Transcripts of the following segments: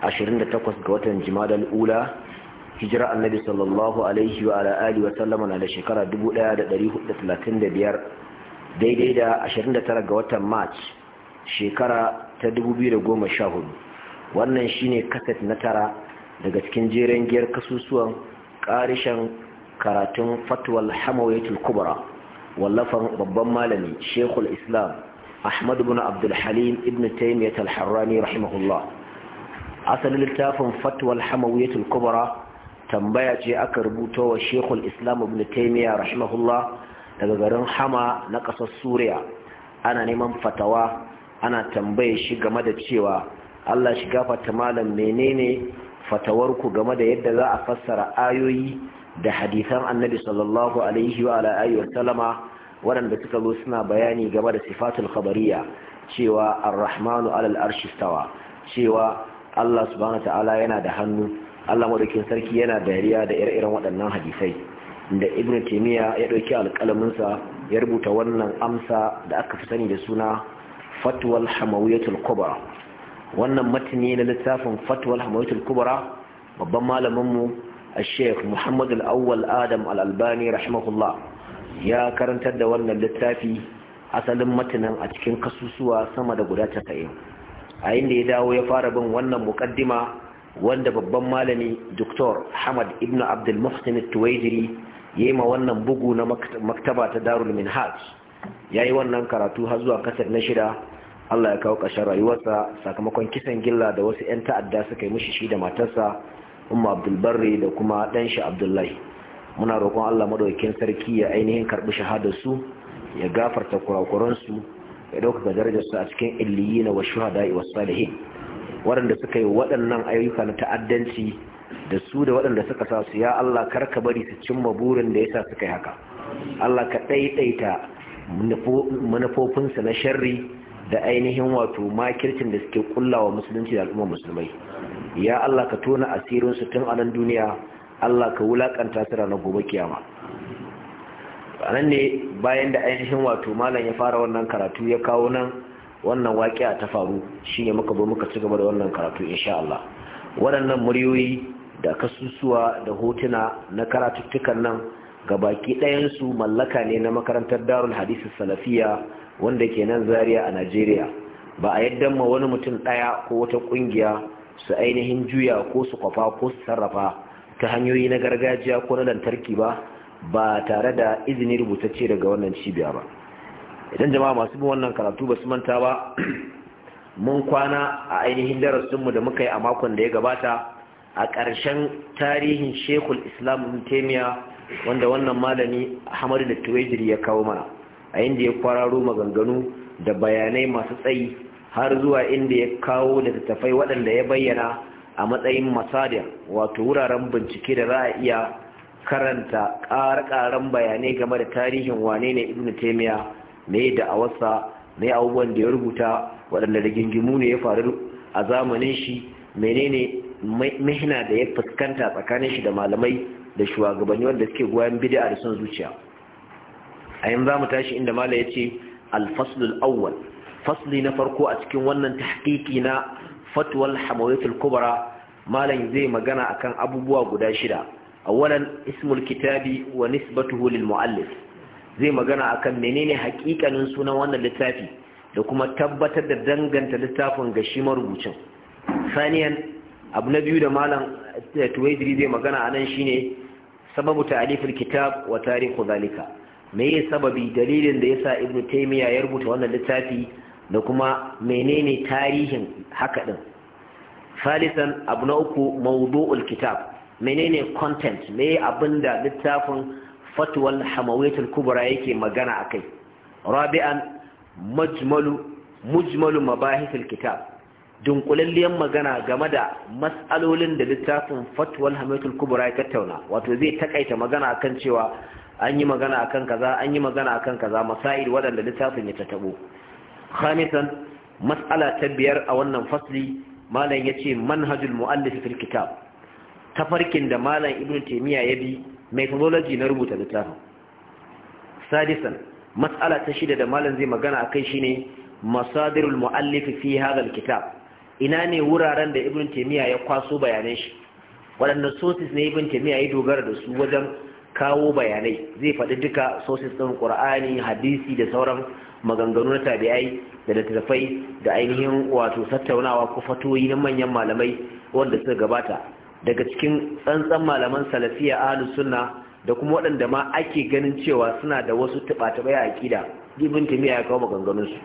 28 ga watan jimadar ula hijira annabi sallallahu alaihi wa ala wa sallama na da shekara 1435 daidai da 29 ga watan march shekara ta 2014 wannan shine kaset na tara daga cikin jeren giyar kasusuwan karishan karatun fatwal hamawaitul kubra wallafan babban malami shekul islam ahmadu ibn abdulhalim ibn taymiyyah al-harrani rahimahullah asalin littafin fatwal hamawiyatul kubra tambaya ce aka rubuta wa shekul islam ibn taimiyya rahimahullah daga garin hama na ƙasar suriya ana neman fatawa ana tambaye shi game da cewa allah shi gafata malam menene fatawarku game da yadda za a fassara ayoyi da hadisan annabi sallallahu alaihi wa waɗanda suka zo suna bayani game da sifatul khabariya cewa ar-rahmanu alal arshi cewa Allah subhanahu ta'ala yana da hannu Allah madaukin sarki yana dariya da ire-iren waɗannan hadisai inda Ibn Taymiyyah ya dauki alƙalamin sa ya rubuta wannan amsa da aka fi sani da suna Fatwal Hamawiyatul Kubra wannan matni na littafin Fatwal Hamawiyatul Kubra babban malamin mu Sheikh Muhammad Al-Awwal Adam Al-Albani rahimahullah ya karantar da wannan littafi asalin matanin a cikin kasusuwa sama da guda 90 a inda ya dawo ya fara bin wannan mukaddima wanda babban malami Dr. Hamad Ibn Abdul Muhsin Tuwaidiri ya yi ma wannan bugu na maktaba ta Darul Minhaj ya yi wannan karatu har zuwa kasar na shida Allah ya kawo ƙarshen rayuwarsa sakamakon kisan gilla da wasu 'yan ta'adda suka yi mushi shi da matarsa Umma Abdul da kuma ɗan shi Abdullahi muna roƙon Allah madaukakin sarki ya ainihin karɓi shahadar su ya gafarta kurakuransu ya ɗaukaka darajarsu a cikin illiyin wa shuhada'i wa salihin waɗanda suka yi waɗannan ayyuka na ta'addanci da su da waɗanda suka sa su ya Allah kar ka bari su cimma burin da ya sa suka yi haka Allah ka ɗaiɗaita manufofinsu na sharri da ainihin wato makircin da suke kullawa musulunci da al'ummar musulmai ya Allah ka tona asirinsu tun a nan duniya Allah ka wulakanta su ranar gobe kiyama anan ne bayan da ainihin wato malam ya fara wannan karatu ya kawo nan wannan waƙiya ta faru shi ne muka bo muka ci gaba da wannan karatu insha Allah waɗannan muryoyi da kasusuwa da hotuna na karatuttukan nan ga baki ɗayansu mallaka ne na makarantar darul hadisi salafiya wanda ke nan zaria a najeriya ba a yadda ma wani mutum ɗaya ko wata ƙungiya su ainihin juya ko su kwafa ko su sarrafa ta hanyoyi na gargajiya ko na lantarki ba ba tare da izini rubutacce daga wannan cibiya ba idan jama'a masu bin wannan karatu ba su manta ba mun kwana a ainihin darasinmu da muka yi a makon da ya gabata a ƙarshen tarihin shekul islam ibn taimiya wanda wannan malami hamadu da tuwejiri ya kawo mana a inda ya kwararo maganganu da bayanai masu tsayi har zuwa inda ya kawo da tattafai waɗanda ya bayyana a matsayin masadiyar wato wuraren bincike da za a iya karanta ƙarƙaran bayanai game da tarihin wane ne ibn taimiya mai da wasa mai abubuwan da ya rubuta waɗanda da gingimu ne ya faru a zamanin shi menene mihina da ya fuskanta tsakanin shi da malamai da shugabanni wanda suke goyon bid'a da son zuciya a yanzu za mu tashi inda mala ya ce alfaslul awwal fasli na farko a cikin wannan tahqiqi na fatwal hamawiyatul kubra malam zai magana akan abubuwa guda shida awalan ismul kitabi wa nisbatuhu lil mu'allif zai magana akan menene hakikanin sunan wannan littafi da kuma tabbatar da danganta littafin ga shi marubucin saniyan abu na biyu da malam tuwaidiri zai magana a nan shine sababu ta'alifin kitab wa tarihu zalika me yi sababi dalilin da yasa ibn taymiya ya rubuta wannan littafi da kuma menene tarihin haka ɗin. Salisan, abu na uku mawdu'ul kitab menene content me abin da littafin fatuwal hamawiyatul kubra yake magana akai rabi'an majmalu mujmalu mabahithul kitab dunkulalliyar magana game da matsalolin da littafin fatuwal hamawiyatul kubra ya tattauna wato zai takaita magana akan cewa an yi magana akan kaza an yi magana akan kaza masail waɗanda littafin ya tatabo khamisan mas'ala ta biyar a wannan fasli malam yace manhajul mu'allif fil kitab tafarkin da malam ibn taymiya ya bi methodology na rubuta littafin sadisan mas'ala ta shida da malam zai magana akai shine masadirul muallif fi hadha alkitab ina ne wuraren da ibn taymiya ya kwaso bayanan shi waɗanne sources ne ibn taymiya ya dogara da su wajen kawo bayanai zai faɗi duka sources ɗin qur'ani hadisi da sauran maganganu na tabi'ai da littattafai da ainihin wato tattaunawa ko fatoyi na manyan malamai wanda suka gabata daga cikin tsantsan malaman salafiya ahlus sunna da kuma waɗanda ma ake ganin cewa suna da wasu tuba-tuba a aƙida ibn timiya ya kawo maganganun su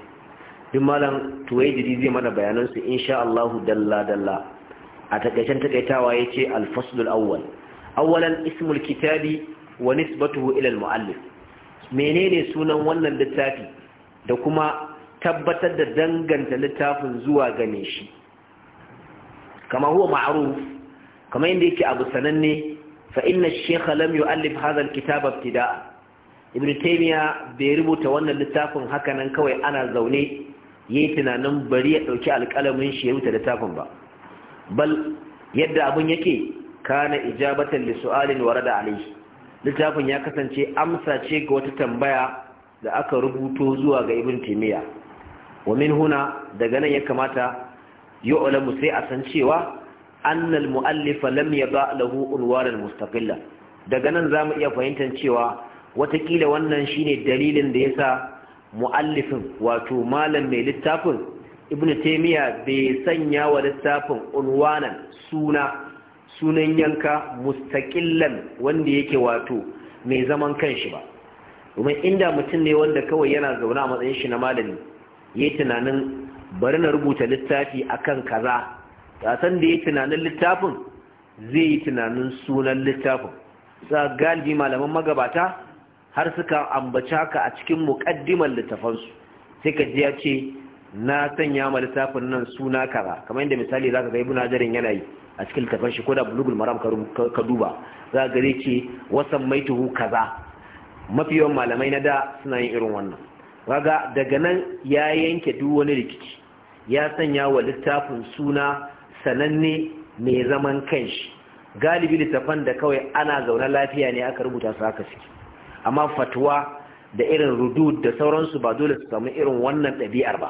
duk malam tuwaijiri zai mana bayanan su insha Allah dalla dalla a takaicen takaitawa yace al-fasl al-awwal awwalan ismul kitabi wa nisbatuhu ila al-muallif menene sunan wannan littafi da kuma tabbatar da danganta littafin zuwa game shi kama huwa ma'ruf kamar yadda yake abu sananne fa inna shekha lam yu'allif hadha alkitaba ibtida'a ibn taymiya bai rubuta wannan littafin haka nan kawai ana zaune yayi tunanin bari ya ɗauki alƙalamin shi ya rubuta littafin ba bal yadda abun yake kana ijabatan li su'alin warada alayhi littafin ya kasance amsa ce ga wata tambaya da aka rubuto zuwa ga ibn taymiya wa min huna daga nan ya kamata yu'lamu sai a san cewa annal mu'allifa lam yada lahu unwanan mustaqilla daga nan zamu iya fahimtar cewa watakila wannan shine dalilin da yasa mu'allifin wato malam mai littafin ibn taymiya bai sanya wa littafin unwanan suna sunan yanka mustaqillan wanda yake wato mai zaman kanshi ba domin inda mutum ne wanda kawai yana zaune a matsayin shi na malami yayi tunanin bari na rubuta littafi akan kaza san da ya tunanin littafin zai yi tunanin sunan littafin sa galibi malaman magabata har suka ambaci haka a cikin muƙaddimar littafansu sai ka ji ya ce na sanya ma littafin nan suna kaza kamar yadda misali zaka ga ibnu hajarin yana yi a cikin littafin shi ko da bulugul maram ka duba za ga gare ce wasan maituhu kaza mafi yawan malamai na da suna yin irin wannan kaga daga nan ya yanke duk wani rikici ya sanya wa littafin suna sananne mai zaman kanshi galibi littafan da kawai ana zaune lafiya ne aka rubuta su haka ciki, amma fatuwa da irin rudud da sauransu ba dole su samu irin wannan ɗabi'ar ba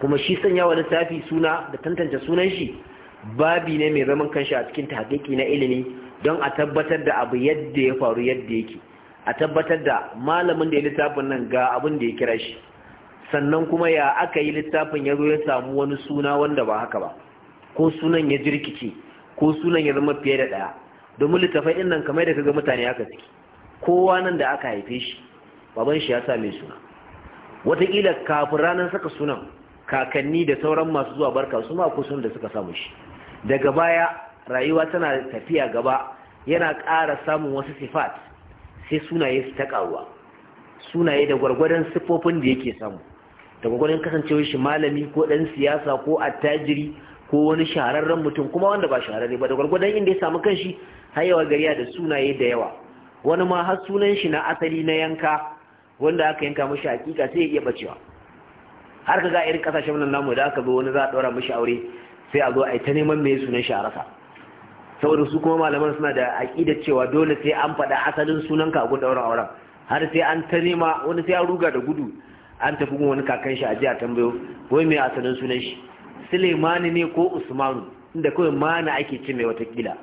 kuma shi sanya wa littafi suna da tantance sunan shi babi ne mai zaman kanshi a cikin tahqiqi na ilimi don a tabbatar da abu yadda ya faru yadda yake a tabbatar da malamin da ya littafin nan ga abin da ya kira shi sannan kuma ya aka yi littafin ya zo ya samu wani suna wanda ba haka ba ko sunan ya jirkice ko sunan ya zama fiye da ɗaya domin littafai ɗin nan kamar da kaga mutane aka ciki. kowa nan da aka haife shi baban shi ya sa mai suna wataƙila kafin ranar saka sunan kakanni da sauran masu zuwa barka su ma ko sunan da suka samu shi daga baya rayuwa tana tafiya gaba yana ƙara samun wasu sifat sai sunaye su ta ƙaruwa sunaye da gwargwadon siffofin da yake samu da gwargwadon kasancewar shi malami ko ɗan siyasa ko attajiri ko wani shahararren mutum kuma wanda ba shahararre ba da gwargwadon inda ya samu kanshi hayawa gariya da sunaye da yawa wani ma har sunan shi na asali na yanka wanda aka yanka mashi hakika sai ya iya bacewa har ka ga irin kasashen nan namu da aka zo wani za a ɗora mashi aure sai a zo a yi ta neman mai sunan shi a rasa saboda su kuma malaman suna da aƙidar cewa dole sai an faɗa asalin sunan ka a gun auren har sai an ta nema wani sai an ruga da gudu an tafi wani kakan shi a jiya tambayo wai mai asalin sunan shi Suleimani ne ko Usmanu inda kawai mana ake ce mai watakila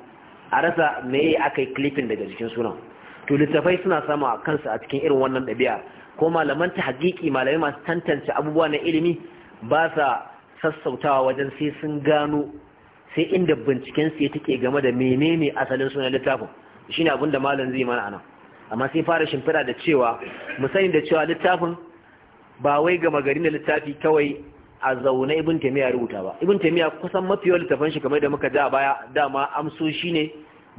a rasa me aka yi klifin daga jikin sunan to littafai suna samu a kansu a cikin irin wannan ɗabi'a ko malaman ta hakiki malamai masu tantance abubuwa na ilimi ba sa sassautawa wajen sai sun gano sai inda binciken su ya take game da menene asalin sunan littafin shine abin da malam zai mana anan amma sai fara shimfiɗa da cewa mu sani da cewa littafin ba wai gama gari na littafi kawai a zaune ibin taymiya rubuta ba Ibin taymiya kusan mafi yawan littafan shi kamar da muka ja baya dama amsoshi ne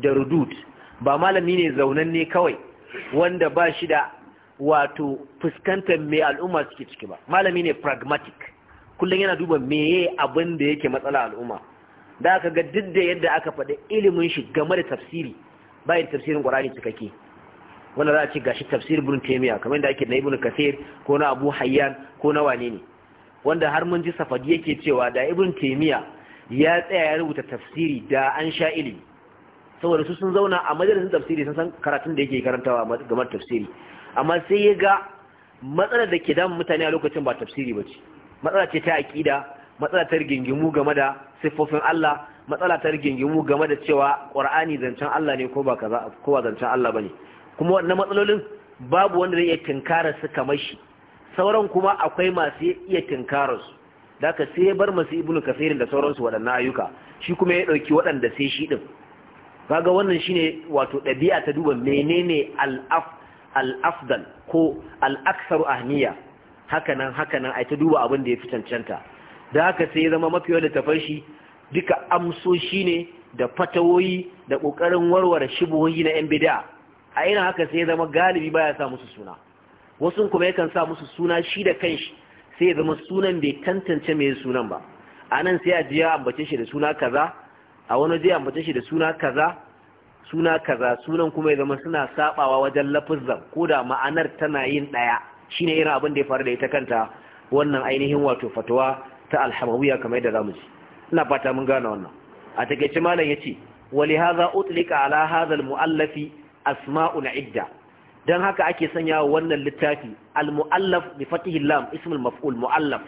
da rudut ba malami ne zaunan ne kawai wanda ba shi da wato fuskantar mai al'umma suke ciki ba malami ne pragmatic kullum yana duba meye abin da yake matsala al'umma da aka ga duk da yadda aka faɗi ilimin shi game da tafsiri bayan tafsirin ƙwararri cikakke wanda za a ce gashi tafsirin burin taimiyya kamar da ake na ibn kasir ko na abu hayyan ko na wane ne wanda har mun ji safadi yake cewa da ibn taymiya ya tsaya ya rubuta tafsiri da an sha ilimi saboda su sun zauna a majalisin tafsiri sun san karatun da yake karantawa game da tafsiri amma sai ya ga matsalar da ke damun mutane a lokacin ba tafsiri ba ce matsala ce ta aƙida matsala ta rigingimu game da siffofin Allah matsala ta rigingimu game da cewa ƙur'ani zancen Allah ne ko ba zancen Allah ba kuma wannan matsalolin babu wanda zai iya tinkara su kamar shi sauran kuma akwai masu iya tinkararsu da ka sai bar masu ibnu kasirin da sauransu waɗannan ayyuka shi kuma ya ɗauki waɗanda sai shi ɗin kaga wannan shine wato ɗabi'a ta duba menene al'af al'afdal ko al'aksaru ahmiya hakanan hakanan ai ta duba abin da ya fi cancanta da haka sai ya zama mafi wanda ta fashi duka amsoshi ne da fatawoyi da ƙoƙarin warware shubuhoyi na yan bid'a a ina haka sai ya zama galibi baya sa musu suna wasu kuma yakan sa musu suna shi da kanshi sai ya zama sunan bai tantance mai sunan ba a nan sai a ji ya ambace shi da suna kaza a wani ji ambace shi da suna kaza suna kaza sunan kuma ya zama suna sabawa wajen lafizan ko da ma'anar tana yin daya shine irin abin da ya faru da ita kanta wannan ainihin wato fatawa ta alhamawiya kamar yadda zamu ji ina fata mun gane wannan a takaice malam yace wali hadha utlika ala hadha almuallafi asma'ul idda don haka ake sanya wannan littafi al-mu'allaf bi fatihi lam ismul maf'ul mu'allaf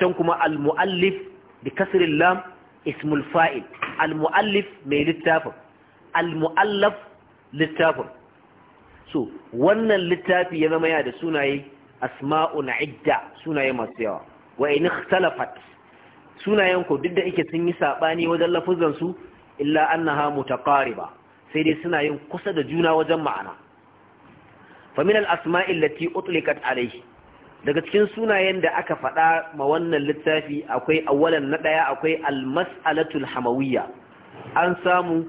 can kuma al-mu'allif bi kasri lam ismul fa'il al-mu'allif mai littafin al-mu'allaf littafin so wannan littafi ya zama ya da sunaye asma'un idda sunaye masu yawa wa in ikhtalafat sunayen duk da yake sun yi sabani wajen lafuzan su illa annaha mutaqariba sai dai suna yin kusa da juna wajen ma'ana famin al'asma'il lati utlikat alaihi daga cikin sunayen da aka faɗa ma wannan littafi akwai awalan na ɗaya akwai almas'alatul hamawiyya an samu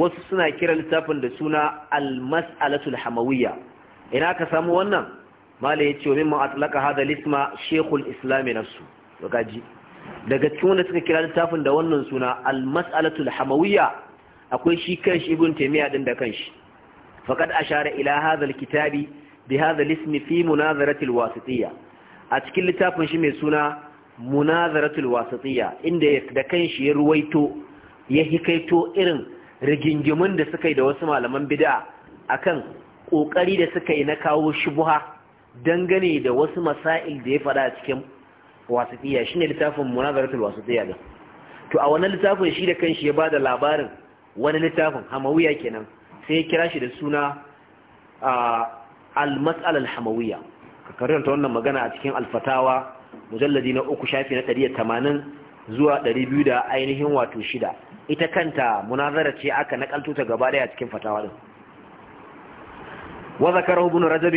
wasu suna kira littafin da suna almas'alatul hamawiyya ina ka samu wannan mala ya ce wa mimma atlaka hada lisma shekul islami nafsu gaji daga cikin wanda suka kira littafin da wannan suna almas'alatul hamawiyya akwai shi kanshi ibn taymiya din da kanshi faqad ashara ila hadha alkitabi bi hadha alism fi munazarati alwasitiyya a cikin littafin shi mai suna munazarati alwasitiyya inda da kanshi ya ruwaito irin rigingimun da suka yi da wasu malaman bid'a akan kokari da suka na kawo shubuha dangane da wasu masail da ya faɗa a cikin wasitiyya shine littafin munazaratul wasitiyya din to a wannan littafin shi da kanshi ya ba da labarin wani littafin hamawiya kenan sai ya kira shi da suna al-mas'al al-hamawiyya ka karanta wannan magana a cikin al-fatawa mujalladi na uku shafi na 180 zuwa 200 da ainihin wato shida ita kanta munazara ce aka nakalto ta gaba daya cikin fatawa din wa zakarahu ibn rajab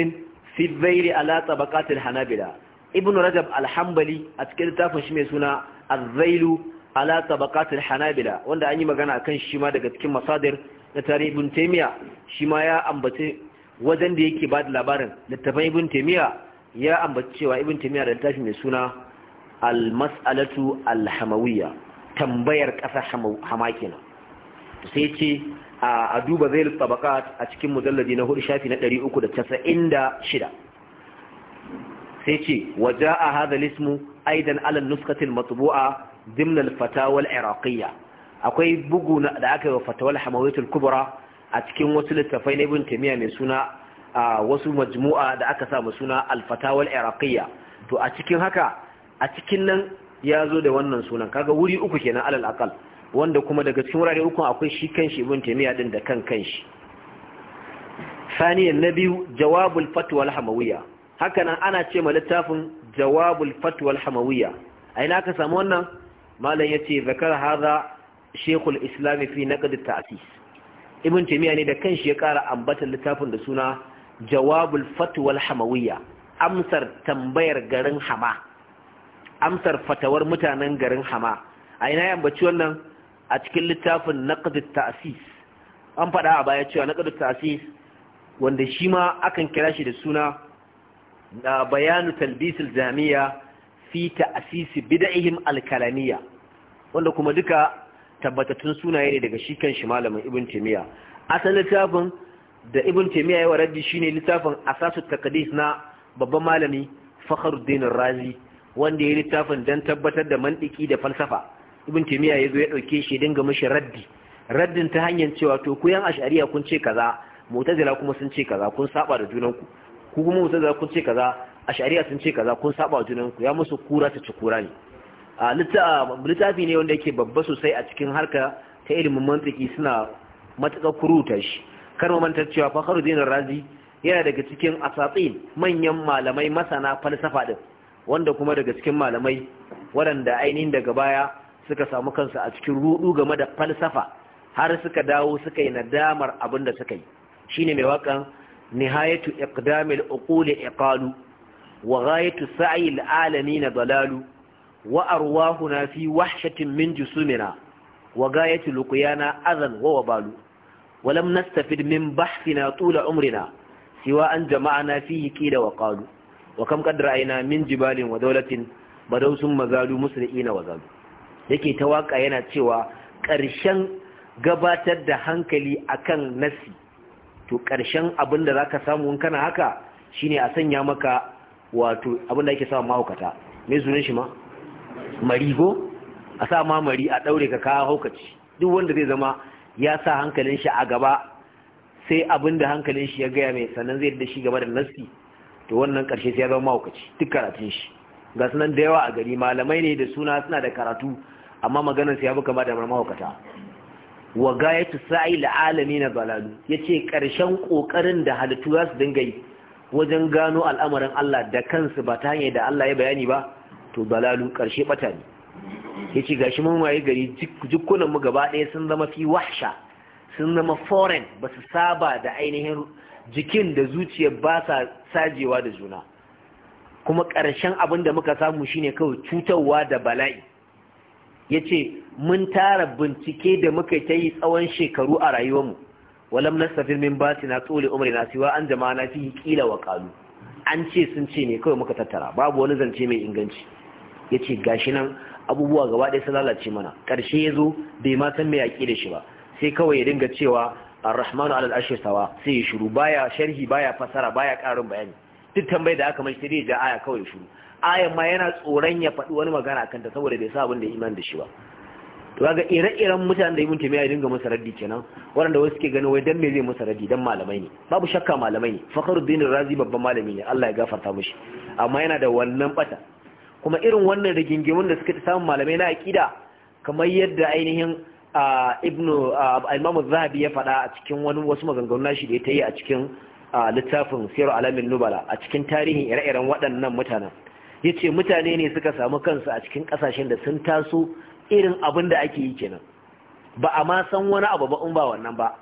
fi dhayri ala tabaqat al-hanabila ibn rajab al-hanbali a cikin littafin shi mai suna az-zailu ala tabaqat al-hanabila wanda an yi magana akan shi ma daga cikin masadir na tarihi ibn taymiya shi ma ya ambaci wajen da yake ba da labarin littafin ibn ya ambaci cewa ibn taymiya da littafi mai suna al-mas'alatu al-hamawiyya tambayar ƙasa hamakina sai ce a duba zai tabakat a cikin mujalladi na hudu shafi na 396 sai ce waje a hada lismu aidan alal nuskatin matubu'a dimnal fatawar iraqiyya akwai bugu da aka yi wa fatawal hamawitul kubra a cikin wasu littafai na ibn taymiya mai suna wasu majmu'a da aka sa suna al-fatawal iraqiyya to a cikin haka a cikin nan ya zo da wannan sunan kaga wuri uku kenan alal aqal wanda kuma daga cikin wurare uku akwai shi kanshi ibn taymiya din da kan kanshi biyu jawabul جواب hamawiyya haka nan ana ce ma littafin jawabul hamawiyya الحموية أين ka samu wannan malam yace zakar hada. shekul islami fi naqd ta'asis. ibn taimiyya ne da kan shi ya ƙara ambatar littafin da suna jawabul Fatuwar al-hamawiyya amsar tambayar garin hama amsar fatawar mutanen garin hama a ina yambaci wannan a cikin littafin naqd ta'asis. an faɗa a baya cewa naqd ta'sis wanda shi ma akan kira shi da suna bayanu talbis al-jamiya fi ta'asisi bid'ihim al-kalamiyya wanda kuma duka tabbatattun sunaye ne daga shi malamin ibn taymiya asalin littafin da ibn taymiya ya waradi shine littafin asasu Takaddis na babban malami fakhruddin razi wanda ya littafin dan tabbatar da mantiki da falsafa ibn ya yazo ya dauke shi dinga mishi raddi raddin ta hanyar cewa to ku yan ash'ariya kun ce kaza mu'tazila kuma sun ce kaza kun saba da junanku ku kuma mu'tazila kun ce kaza ash'ariya sun ce kaza kun saba da junanku ya musu kura ta ci kura ne littafi ne wanda yake babba sosai a cikin harka ta ilimin mantiki suna matuƙa kuruta shi kar mu mantar cewa Fakhruddin Razi yana daga cikin asatsin manyan malamai masana falsafa din wanda kuma daga cikin malamai waɗanda ainihin daga baya suka samu kansu a cikin rudu game da falsafa har suka dawo suka yi nadamar abin da suka yi shine mai wakan nihayatu iqdamil uquli iqalu wa ghayatu sa'il alamin dalalu wa arwahuna fi wahshatin min jusumina wa gayati luqyana adhan wa wabalu wa lam nastafid min bahthina tula umrina siwa an jama'ana fihi qila wa qalu wa kam qad ra'ayna min jibalin wa dawlatin badau musri'ina wa zalu yake ta waka yana cewa karshen gabatar da hankali akan nasi to karshen abin da zaka samu in kana haka shine a sanya maka wato abin da yake samu mahaukata me sunan shi ma marigo a sa ma mari a daure ka kawo haukaci duk wanda zai zama ya sa hankalin shi a gaba sai abin da hankalin shi ya gaya mai sannan zai da shi gaba da nasti to wannan karshe sai ya zama mahaukaci duk karatun shi ga sunan da yawa a gari malamai ne da suna suna da karatu amma maganar sai ya buka ba da mahaukata wa gayatu na alamin ya ce karshen kokarin da halittu za su dinga yi wajen gano al'amarin Allah da kansu ba ta hanyar da Allah ya bayani ba to dalalu karshe bata ne yace gashi mun waye gari jikunan mu gaba ɗaya sun zama fi wahsha sun zama foreign ba su saba da ainihin jikin da zuciyar ba sa sajewa da juna kuma ƙarshen abin da muka samu shine kawai cutarwa da bala'i yace mun tara bincike da muka ta yi tsawon shekaru a rayuwarmu walam na safir min ba na tsole umar na siwa an jama'a na fi kila wa kalu an ce sun ce ne kawai muka tattara babu wani zance mai inganci ya ce gashi nan abubuwa gaba ɗaya sun lalace mana ƙarshe ya zo bai ma san mai yaƙi da shi ba sai kawai ya dinga cewa ar alal ashir sawa sai ya shiru baya sharhi baya fasara baya ƙarin bayani duk tambayar da aka mai shi da aya kawai ya shiru ayan ma yana tsoron ya faɗi wani magana a Kanta saboda bai sa abin da iman da shi ba to kaga ire-iren mutanen da ibn taymiya ya dinga masa raddi kenan waɗanda wasu ke gano wai dan me zai masa raddi dan malamai ne babu shakka malamai ne fakhruddin razi babban malami ne Allah ya gafarta mishi amma yana da wannan bata kuma irin wannan rigingimun da suka ta samun malamai na aƙida kamar yadda ainihin ibnu imamu zahabi ya faɗa a cikin wani wasu maganganu nashi da ya ta yi a cikin littafin siyar alamin nubala a cikin tarihin ire-iren waɗannan mutanen ya ce mutane ne suka samu kansu a cikin ƙasashen da sun taso irin abin da ake yi kenan ba a ma san wani abu ba in ba wannan ba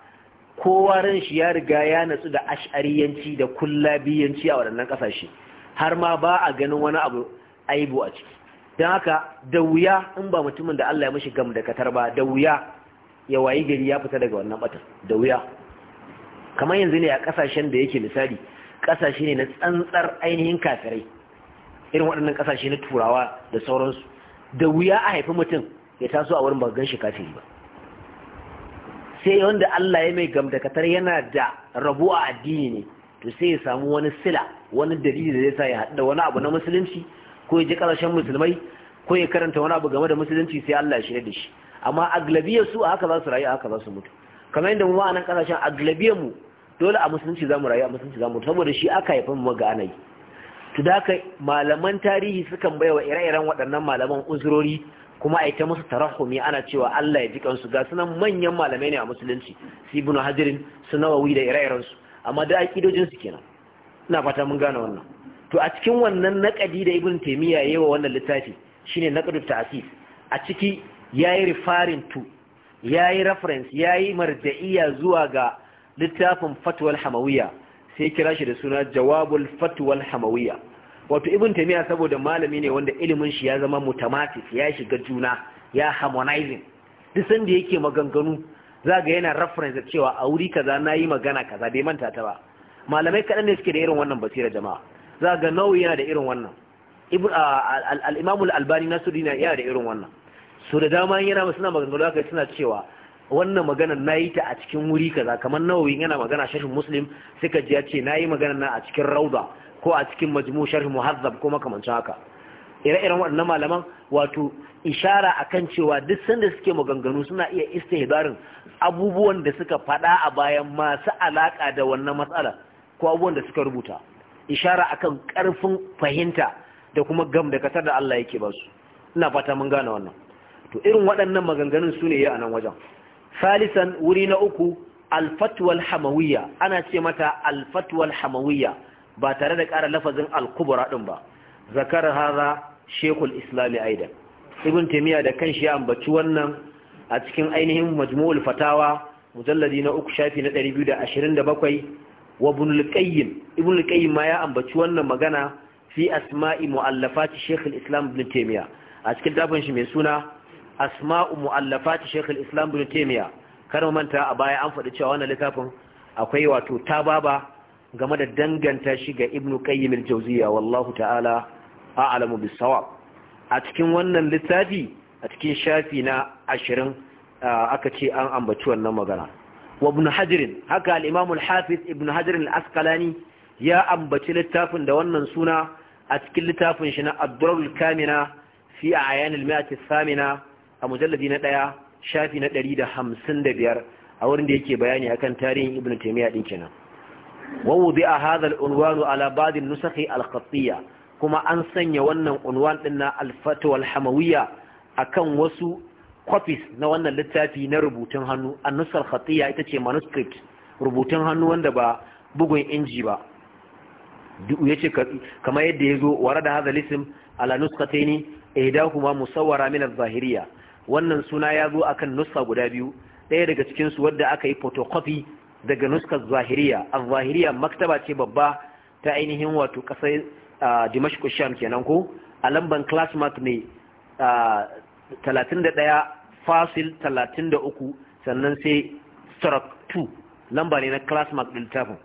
kowa ran shi ya riga ya natsu da ash'ariyanci da kullabiyanci a waɗannan ƙasashe har ma ba a ganin wani abu aibu a ciki don haka da wuya in ba mutumin da Allah ya mashi gam da katar ba da wuya ya wayi gari ya fita daga wannan batar da wuya kamar yanzu ne a kasashen da yake misali kasashe ne na tsantsar ainihin kafirai irin waɗannan kasashe na turawa da sauransu da wuya a haifi mutum ya taso a wurin ba gan shi kafiri ba sai wanda Allah ya mai gamdakatar yana da rabo a addini ne to sai ya samu wani sila wani dalili da zai sa ya haɗu da wani abu na musulunci ko ya je kasashen musulmai ko ya karanta wani abu game da musulunci sai Allah ya shirya da shi amma aglabiyar su a haka za su rayu a haka za su mutu kamar yadda mu ma'anan kasashen aglabiyar mu dole a musulunci za mu rayu a musulunci za mu mutu saboda shi aka haifa mu ga anayi to da haka malaman tarihi sukan wa ire-iren waɗannan malaman uzurori kuma a ta musu tarahumi ana cewa Allah ya ji kansu ga sunan manyan malamai ne a musulunci su ibnu hajirin su nawawi da ire iren su. amma da aƙidojinsu kenan ina fata mun gane wannan to a cikin wannan naƙadi da ibn taimiyya ya yi wa wannan littafi shine naƙadu ta'asif a ciki ya yi rifarin tu ya yi reference ya yi marja'iya zuwa ga littafin fatuwal Hamawiyya, sai kira shi da suna jawabul fatuwal Hamawiyya. wato ibn taimiyya saboda malami ne wanda ilimin shi ya zama mutamatis ya shiga juna ya harmonizing duk sanda yake maganganu za ga yana reference cewa a wuri kaza na yi magana kaza bai manta ta ba malamai kaɗan ne suke da irin wannan basira jama'a za ga nau'i yana da irin wannan al'imamul albani na na yana da irin wannan so da dama yana suna maganganu kai suna cewa wannan magana na yi ta a cikin wuri kaza kamar nawawi yana magana shashin muslim suka ji ya ce na yi magana na a cikin rauda ko a cikin majmu sharhi muhazzab ko makamancin haka ire-iren waɗannan malaman wato ishara akan cewa duk sanda suke maganganu suna iya istihbarin abubuwan da suka faɗa a bayan masu alaƙa da wannan matsala ko abubuwan da suka rubuta ishara akan karfin fahimta da kuma gam da kasar da Allah yake ba su ina fata mun gane wannan to irin waɗannan maganganun su ne ya a nan wajen salisan wuri na uku alfatwal hamawiyya ana ce mata alfatwal hamawiyya ba tare da ƙara lafazin alkubura ɗin ba zakar haza shekul islami Aida. ibn taimiyya da kan shi ambaci wannan a cikin ainihin majmu'ul fatawa mujalladi na uku shafi na ɗari biyu da da bakwai. wa ibn al ma ya ambaci wannan magana fi asma'i mu'allafati shaykh al-islam ibn taymiya a cikin dafin shi mai suna asma'u mu'allafati shaykh al-islam ibn taymiya kar manta a baya an faɗi cewa wannan littafin akwai wato tababa game da danganta shi ga ibn qayyim al-jawziya wallahu ta'ala a'lamu bis a cikin wannan littafi a cikin shafi na 20 aka ce an ambaci wannan magana wa ibn haka al-imam al-hafiz ibn hajar al ya ambaci littafin da wannan suna a cikin littafin shi na ad-durarul kamina fi a'yan al-mi'at a mujalladi na ɗaya shafi na 155 a wurin da yake bayani akan tarihin ibn taymiya din kenan wa wudi'a hadha al-unwan ala ba'd an-nusakh al-qattiyah kuma an sanya wannan unwan din na al-fatwa al-hamawiyya akan wasu copies na wannan littafi na rubutun hannu nusar khatiya ita ce manuscript rubutun hannu wanda ba bugun inji ba ya ce kamar yadda ya zo ware da haza lisim ala nuskataini kuma musawwara min al zahiriya wannan suna ya zo akan nuska guda biyu ɗaya daga cikin su wadda aka yi photocopy daga nuskar zahiriya al zahiriya maktaba ce babba ta ainihin wato kasar ah, dimashku Sham kenan ko a lamban classmate ne 31 fasil 33 sannan sai stroke 2 lamba ne na class mark din tafin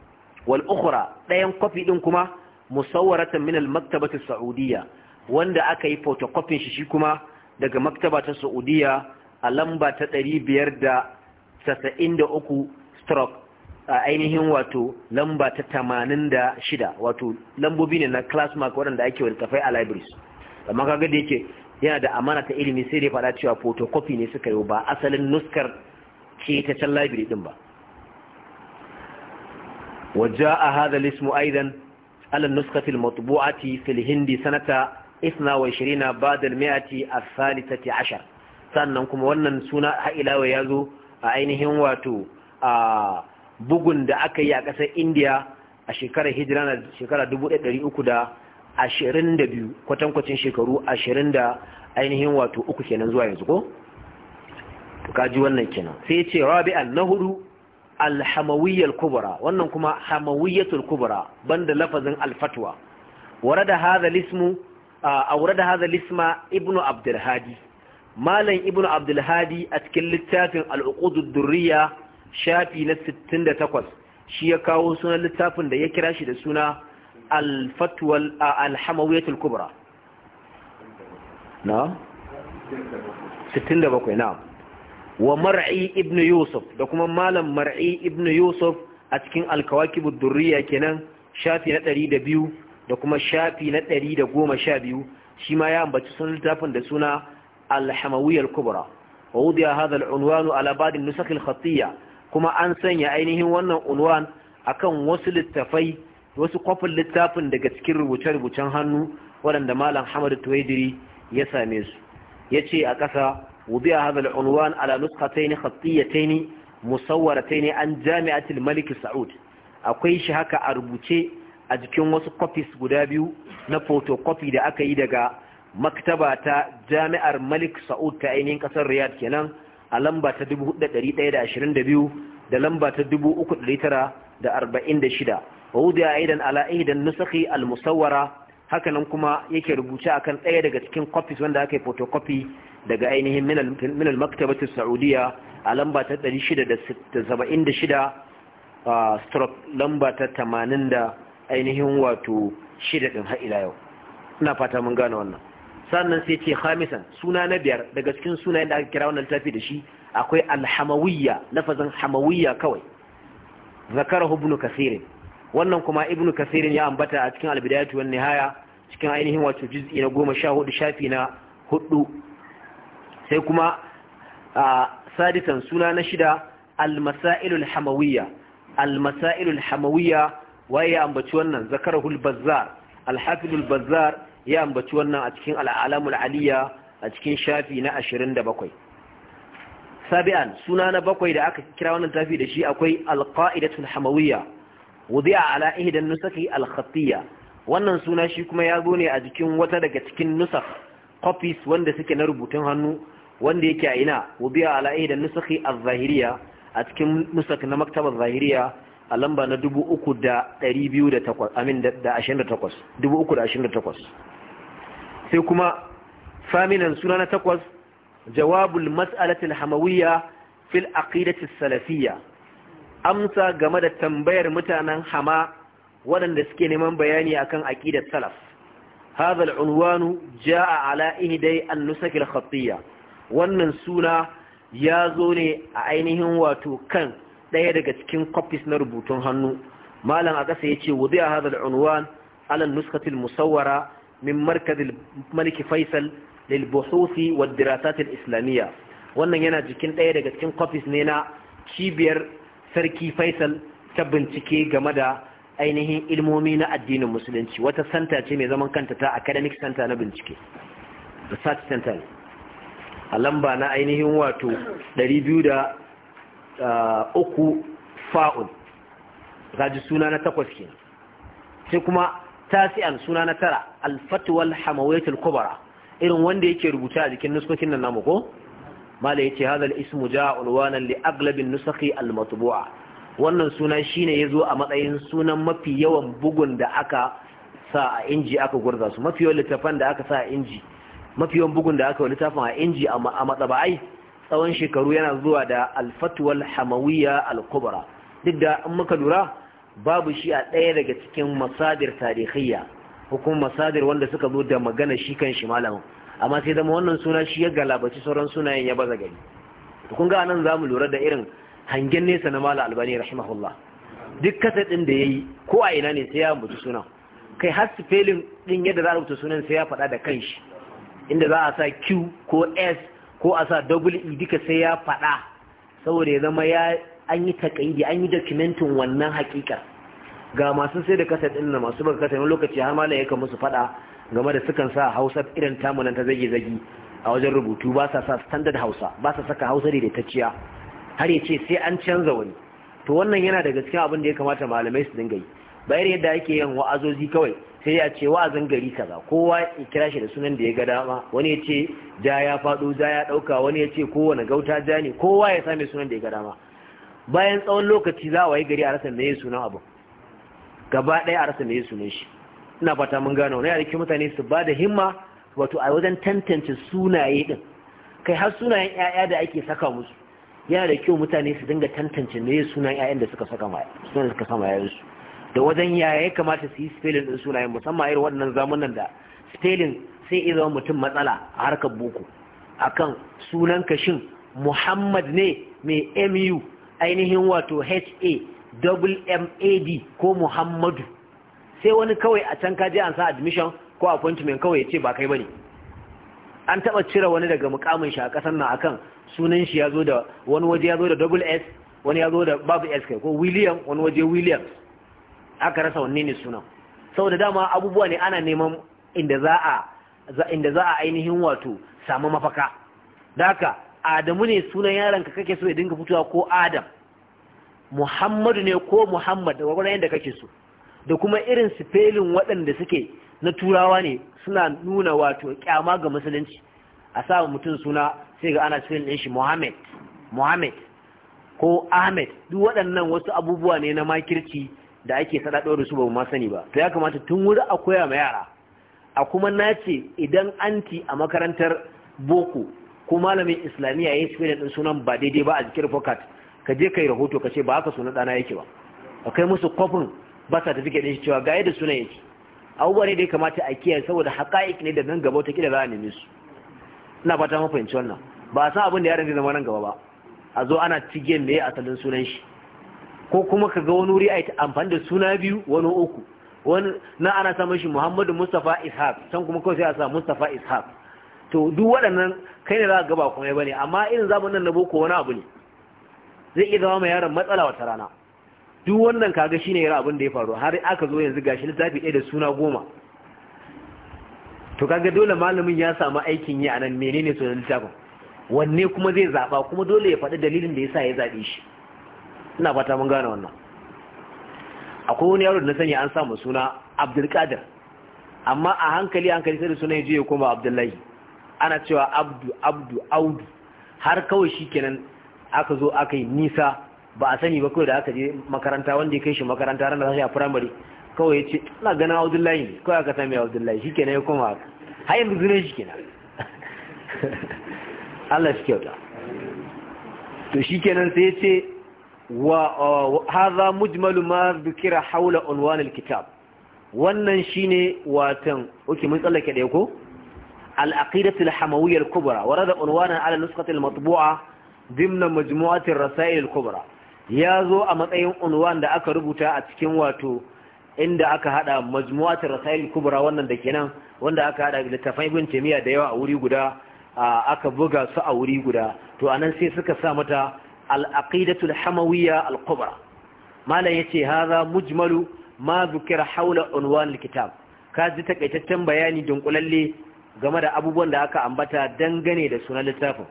wal ukhra ɗayan kwafi din kuma musawaratan min maktabatar maktabati saudiyya wanda aka yi photocopy shi shi kuma daga maktabatar ta saudiyya a lamba ta 593 stroke a ainihin wato lamba ta 86 wato lambobi ne na class mark waɗanda ake wani littafai a libraries amma kaga da yake yana da amana ta ilimi sai dai fada cewa photocopy ne suka yi ba asalin nuskar ce ta can library din ba wajen a hada ismu aidan alan nuskafin matubuati filhindi sanata isna wa shiri na a salita ta ashar sannan kuma wannan suna ha'ilawa ya zo a ainihin wato a bugun da aka yi a ƙasar indiya a shekarar hijira na shekarar ashirin da biyu kwatankwacin shekaru ashirin da ainihin wato uku kenan zuwa yanzu ko? ka ji wannan kenan sai ce rabi na hudu alhamawiyyar kubra wannan kuma hamawiyyatul kubra da lafazin alfatwa warada hadha lismu a warada hadha lisma Ibn abdulhadi malam Ibn abdulhadi a cikin littafin al'uqudud durriya shafi na 68 shi ya kawo sunan littafin da ya kira shi da suna alfatuwal alhamawiyatul kubra na wa mar'i ibn yusuf da kuma malam mar'i ibnu yusuf a cikin alkawakibud durriya kenan shafi na 102 da kuma shafi na 112 shi ma ya ambaci sun littafin da suna alhamawiyar kubra wa wudiya hadha al'unwanu ala ba'd an-nusakh kuma an sanya ainihin wannan unwan akan wasu littafai wasu kwafin littafin daga cikin rubuce-rubucen hannu waɗanda malam hamadu tuwaidiri ya same su ya ce a ƙasa wubi a hazal unwan ala nuskataini musawara musawwarataini an jami'atul maliki sa'ud akwai shi haka a rubuce a jikin wasu kwafis guda biyu na photocopy da aka yi daga maktaba ta jami'ar malik sa'ud ta ainihin ƙasar riyad kenan a lamba ta 4122 da lamba ta 3946 wa wudiya aidan ala ihdan nusakhi al musawwara haka nan kuma yake rubuce akan ɗaya daga cikin copies wanda aka yi photocopy daga ainihin min al maktabati saudiya a lamba ta 676 stroke lamba ta 80 da ainihin wato shida din har ila yau ina fata mun gane wannan sannan sai ce khamisan suna na biyar daga cikin sunayen da aka kira wannan littafi da shi akwai alhamawiyya lafazin hamawiyya kawai zakarahu ibn kasir wannan kuma ibnu kasirin ya ambata a cikin albidayatu wan nihaya cikin ainihin wato juz'i na goma sha hudu shafi na hudu sai kuma a sadisan suna na shida almasailul hamawiyya almasailul hamawiyya waye ya ambaci wannan zakarahul bazzar alhafizul bazzar ya ambaci wannan a cikin al'alamul aliyya a cikin shafi na bakwai. sabi'an suna na bakwai da aka kira wannan tafi da shi akwai alqaidatul hamawiyya wudi'a ala ihdan nusakhi al-khatiyya wannan suna shi kuma ya zo ne a jikin wata daga cikin nusakh copies wanda suke na rubutun hannu wanda yake a ina wudi'a ala ihdan nusakhi az-zahiriyya a cikin nusakh na maktabar zahiriyya a lamba na 3228 amin da 28 3228 sai kuma faminan suna na takwas jawabul mas'alatil hamawiyya fil aqidati salafiyya amsa game da tambayar mutanen hama waɗanda suke neman bayani akan aƙidar salaf hadha al ja a ala ihday an-nusakh al wannan suna ya zo ne a ainihin wato kan ɗaya daga cikin kwafis na rubutun hannu malam a ƙasa yace wudiya a al-unwan ala an-nuskhah al-musawwara min markaz al faisal lil buhusi wa ad islamiyya wannan yana jikin ɗaya daga cikin kwafis ne na cibiyar sarki faisal ta bincike game da ainihin ilmomi na addinin musulunci wata santa ce mai zaman kanta ta academic center na bincike research center ne a lamba na ainihin wato 203 fa'ul gaji suna na takwas ke sai kuma tasi'an suna na tara alfatuwal hamawaitul kubara irin wanda yake rubuta a jikin nuskokin nan namu ko malai yace ce al-ismu ja'a unwanan li aglabin an-nusakh al-matbu'a wannan suna shine yazo a matsayin sunan mafi yawan bugun da aka sa a inji aka gurza su mafi yawan littafan da aka sa a inji mafi yawan bugun da aka yi littafin a inji a ai tsawon shekaru yana zuwa da al-fatwa al-hamawiyya al-kubra duk da in muka lura babu shi a ɗaya daga cikin masadir tarihiyya hukum masadir wanda suka zo da magana shi kan shi malamin amma sai da wannan suna shi ya galabaci sauran sunayen ya baza gari to kun ga anan zamu lura da irin hangen nesa na mala albani rahimahullah duk din da yayi ko a ina ne sai ya mutu sunan kai har su filin din yadda za a rubuta sunan sai ya faɗa da kanshi inda za a sa q ko s ko a sa W e duka sai ya faɗa saboda ya zama ya an yi takaidi an yi documentin wannan hakika ga masu sai da din na masu baka kasadin lokaci har mala yakan musu faɗa game da sukan sa hausa irin tamunan ta zage-zage a wajen rubutu ba sa sa standard hausa ba sa saka hausa da daidaitacciya har ya ce sai an canza wani to wannan yana daga cikin abin da ya kamata malamai su dinga yi bayar yadda ake yin wa'azozi kawai sai ya ce wa'azin gari kaza kowa ya kira shi da sunan da ya ga dama wani ya ce ja ya faɗo ja ya ɗauka wani ya ce kowane gauta ja ne kowa ya same sunan da ya ga dama bayan tsawon lokaci za a wayi gari a rasa mai sunan abu gaba ɗaya a rasa mai sunan shi ina fata mun gano wani yare mutane su ba da himma wato a wajen tantance sunaye din kai har sunayen 'ya'ya da ake saka musu yana da kyau mutane su dinga tantance ne sunan 'ya'yan da suka saka ma sunan suka sama yayin su da wajen yaya ya kamata su yi spelling din sunayen musamman irin waɗannan zamanan da spelling sai iya zama mutum matsala a harkar boko akan sunan ka shin muhammad ne mai mu ainihin wato h a w m a ko muhammadu sai wani kawai a can kaji an sa admission ko appointment kawai ya ce ba kai bane an taba cire wani daga mukamin shi a kasar nan akan sunan shi ya zo da wani waje ya da double s wani ya da babu s kai ko william wani waje william aka rasa wanne ne sunan saboda dama abubuwa ne ana neman inda za a inda za a ainihin wato samu mafaka daka adamu ne sunan yaron ka kake so ya dinga fitowa ko adam muhammadu ne ko muhammad da gwagwaran yadda kake so da kuma irin sifelin waɗanda suke na turawa ne suna nuna wato kyama ga musulunci a sa mutum suna sai ga ana cikin ɗin shi Muhammad Muhammad ko Ahmed duk waɗannan wasu abubuwa ne na makirci da ake sadaɗo da su ba ma sani ba to ya kamata tun wuri a koya ma yara a kuma nace idan anti a makarantar boko ko malamin islamiyya ya yi ɗin sunan ba daidai ba a jikin fokat ka je kai rahoto ka ce ba haka sunan ɗana yake ba ka kai musu kwafin. ba sa tafi kaɗin shi cewa ga yadda sunan yake abubuwa ne da ya kamata a kiyaye saboda haƙa'iƙ ne da nan gaba ta kila za a neme su ina fata mafahimci wannan ba a san abin da yaron zai zama nan gaba ba a zo ana cige me asalin sunan shi ko kuma ka ga wani wuri a yi amfani da suna biyu wani uku wani na ana samun shi muhammadu mustapha ishaq can kuma kawai sai a sa mustapha ishaq to duk waɗannan kai ne za ka gaba kuma ba ne amma irin zamanin na boko wani abu ne zai iya zama mai yaron matsala wata rana duk wannan kaga shine yara abin da ya faru har aka zo yanzu gashi littafi ɗaya da suna goma to kaga dole malamin ya samu aikin yi anan menene sunan littafin wanne kuma zai zaba kuma dole ya faɗi dalilin da ya sa ya zabe shi ina fata mun gane wannan akwai wani yaro da na sanya an samu suna Abdulkadir amma a hankali hankali sai da sunan ya koma Abdullahi ana cewa Abdu Abdu Audu har kawai shikenan aka zo aka yi nisa ba a sani ba kawai da aka je makaranta wanda ya kai shi makaranta ranar sashi a firamare kawai ya ce na gana abdullahi ne kawai aka sami abdullahi shi kenan ya koma haka har yanzu zurin shi kenan Allah shi kyauta to shi kenan sai ya ce wa haza mujmalu ma dukira haula unwan alkitab wannan shine watan oke mun tsallake da ko العقيدة الحموية الكبرى ورد عنوانا على النسخة المطبوعة ضمن مجموعة الرسائل الكبرى ya zo a matsayin unwan da aka rubuta a cikin wato inda aka hada majmu'atul rasail kubra wannan da kenan wanda aka hada littafan ibn taymiya da yawa a wuri guda aka buga su a wuri guda to anan sai suka sa mata al-aqidatul hamawiyya al-kubra malam yace hadha mujmalu ma zukira haula unwan al ka ji takaitaccen bayani dunkulalle game da abubuwan da aka ambata dangane da sunan littafin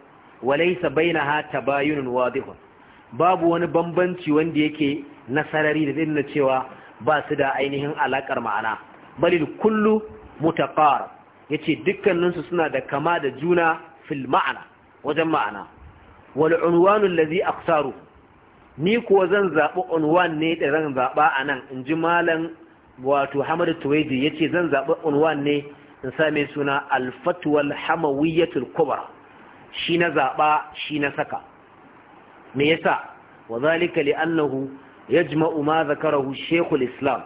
walaysa bainaha tabayunun wadihun babu wani bambanci wanda yake na sarari da dinna cewa ba su da ainihin alakar ma'ana balil kullu mutaqar yace dukkanin su suna da kama da juna fil ma'ana wajen ma'ana wal unwanu allazi aqsaru ni kuwa zan zabi unwan ne da zan zaba anan ji malam wato Hamadu Tuwaiji yace zan zaɓi unwan ne in same suna al-fatwa kubra shi na zaɓa shi na saka me yasa wa li'annahu yajma'u ma zakarahu shaykhul islam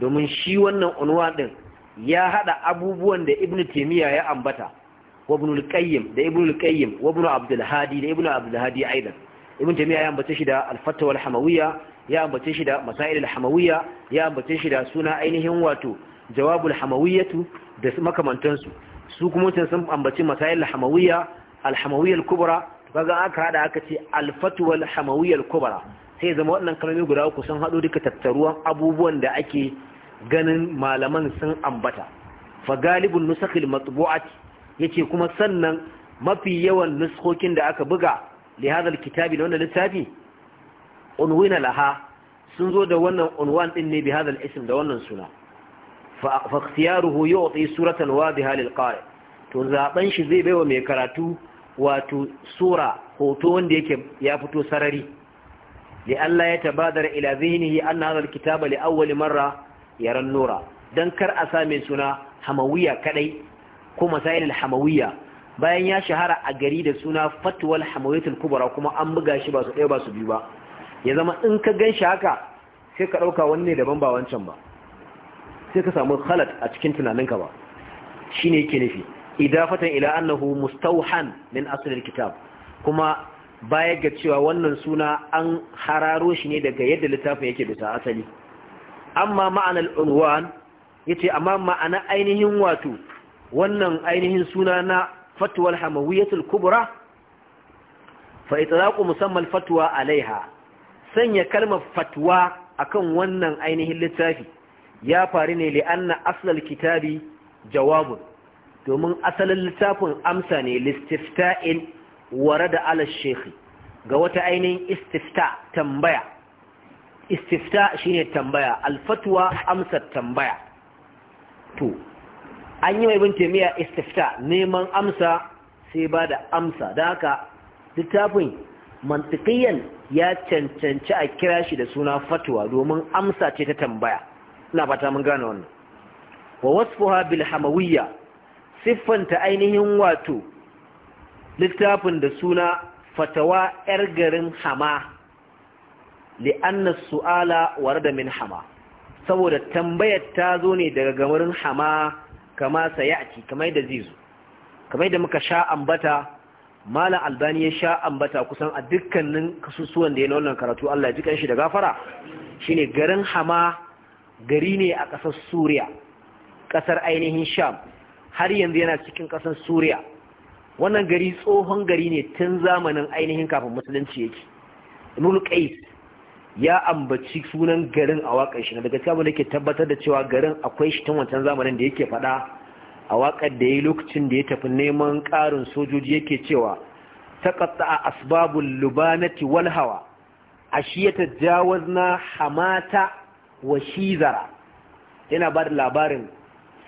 domin shi wannan unwan din ya hada abubuwan da ibn taymiya ya ambata wa ibn al-qayyim da ibn al-qayyim wa ibn abdul hadi da ibn abdul hadi aidan ibn taymiya ya ambace shi da al-fatwa al-hamawiyya ya ambace shi da masail al-hamawiyya ya ambace shi da suna ainihin wato jawabul hamawiyyatu da makamantansu su kuma sun ambaci masail al-hamawiyya al-hamawiyya al-kubra kaga aka hada aka ce al-fatwa al kubra sai zama wannan kalmomi guda uku sun haɗu duka tattaruwan abubuwan da ake ganin malaman sun ambata fa galibun nusakh yace kuma sannan mafi yawan nuskokin da aka buga li hada al-kitabi wannan littafi unwina laha sun zo da wannan unwan din ne bi hada al-ism da wannan suna fa ikhtiyaruhu yu'ti suratan wadiha lil-qari to zaben shi zai baiwa mai karatu wato sura hoto wanda yake ya fito sarari li Allah ya tabadara ila zihnihi anna hadha alkitaba li awwal marra yaran nura dan kar a same suna hamawiya kadai ko masailul hamawiya bayan ya shahara a gari da suna fatwal hamawiyatul kubra kuma an buga shi ba su ɗaya ba su biyu ba ya zama in ka ganshi haka sai ka ɗauka ne daban ba wancan ba sai ka samu khalat a cikin tunaninka ba shine yake nufi idafatan ila annahu mustawhan min asalin kitab kuma baya ga cewa wannan suna an hararo shi ne daga yadda littafin yake bisa asali amma ma'anar unwan yace amma ma'ana ainihin wato wannan ainihin suna na fatwal hamawiyatul kubra fa itlaqu musamman fatwa alaiha sanya kalmar fatwa akan wannan ainihin littafi ya faru ne li'anna aslal kitabi jawabun domin asalin littafin amsa ne listifta'in ware da ala shekhi ga wata ainihin istifta tambaya istifta shine tambaya alfatuwa Amsa tambaya to an yi mai bin taimiyya istifta neman amsa sai ba da amsa da haka littafin mantikiyan ya cancanci a kira shi da suna fatwa domin amsa ce ta tambaya ina fata mun gane wannan wa wasfuha bil hamawiyya siffanta ainihin wato littafin da suna fatawa 'yar garin hama li'anna su'ala da min hama saboda tambayar ta zo ne daga gamarin hama kama sayati kamar da zizu kamar da muka sha ambata malam albani ya sha ambata kusan a dukkanin kasusuwan da ya na wannan karatu Allah ya ji kanshi da gafara shine garin hama gari ne a ƙasar Suriya ƙasar ainihin Sham har yanzu yana cikin ƙasar suriya wannan gari tsohon gari ne tun zamanin ainihin kafin musulunci yake nul qais ya ambaci sunan garin a waƙar shi na daga cikin da ke tabbatar da cewa garin akwai shi tun wancan zamanin da yake faɗa a waƙar da ya yi lokacin da ya tafi neman ƙarin sojoji yake cewa ta a asbabul lubanati wal hawa jawaz na hamata wa shizara yana ba da labarin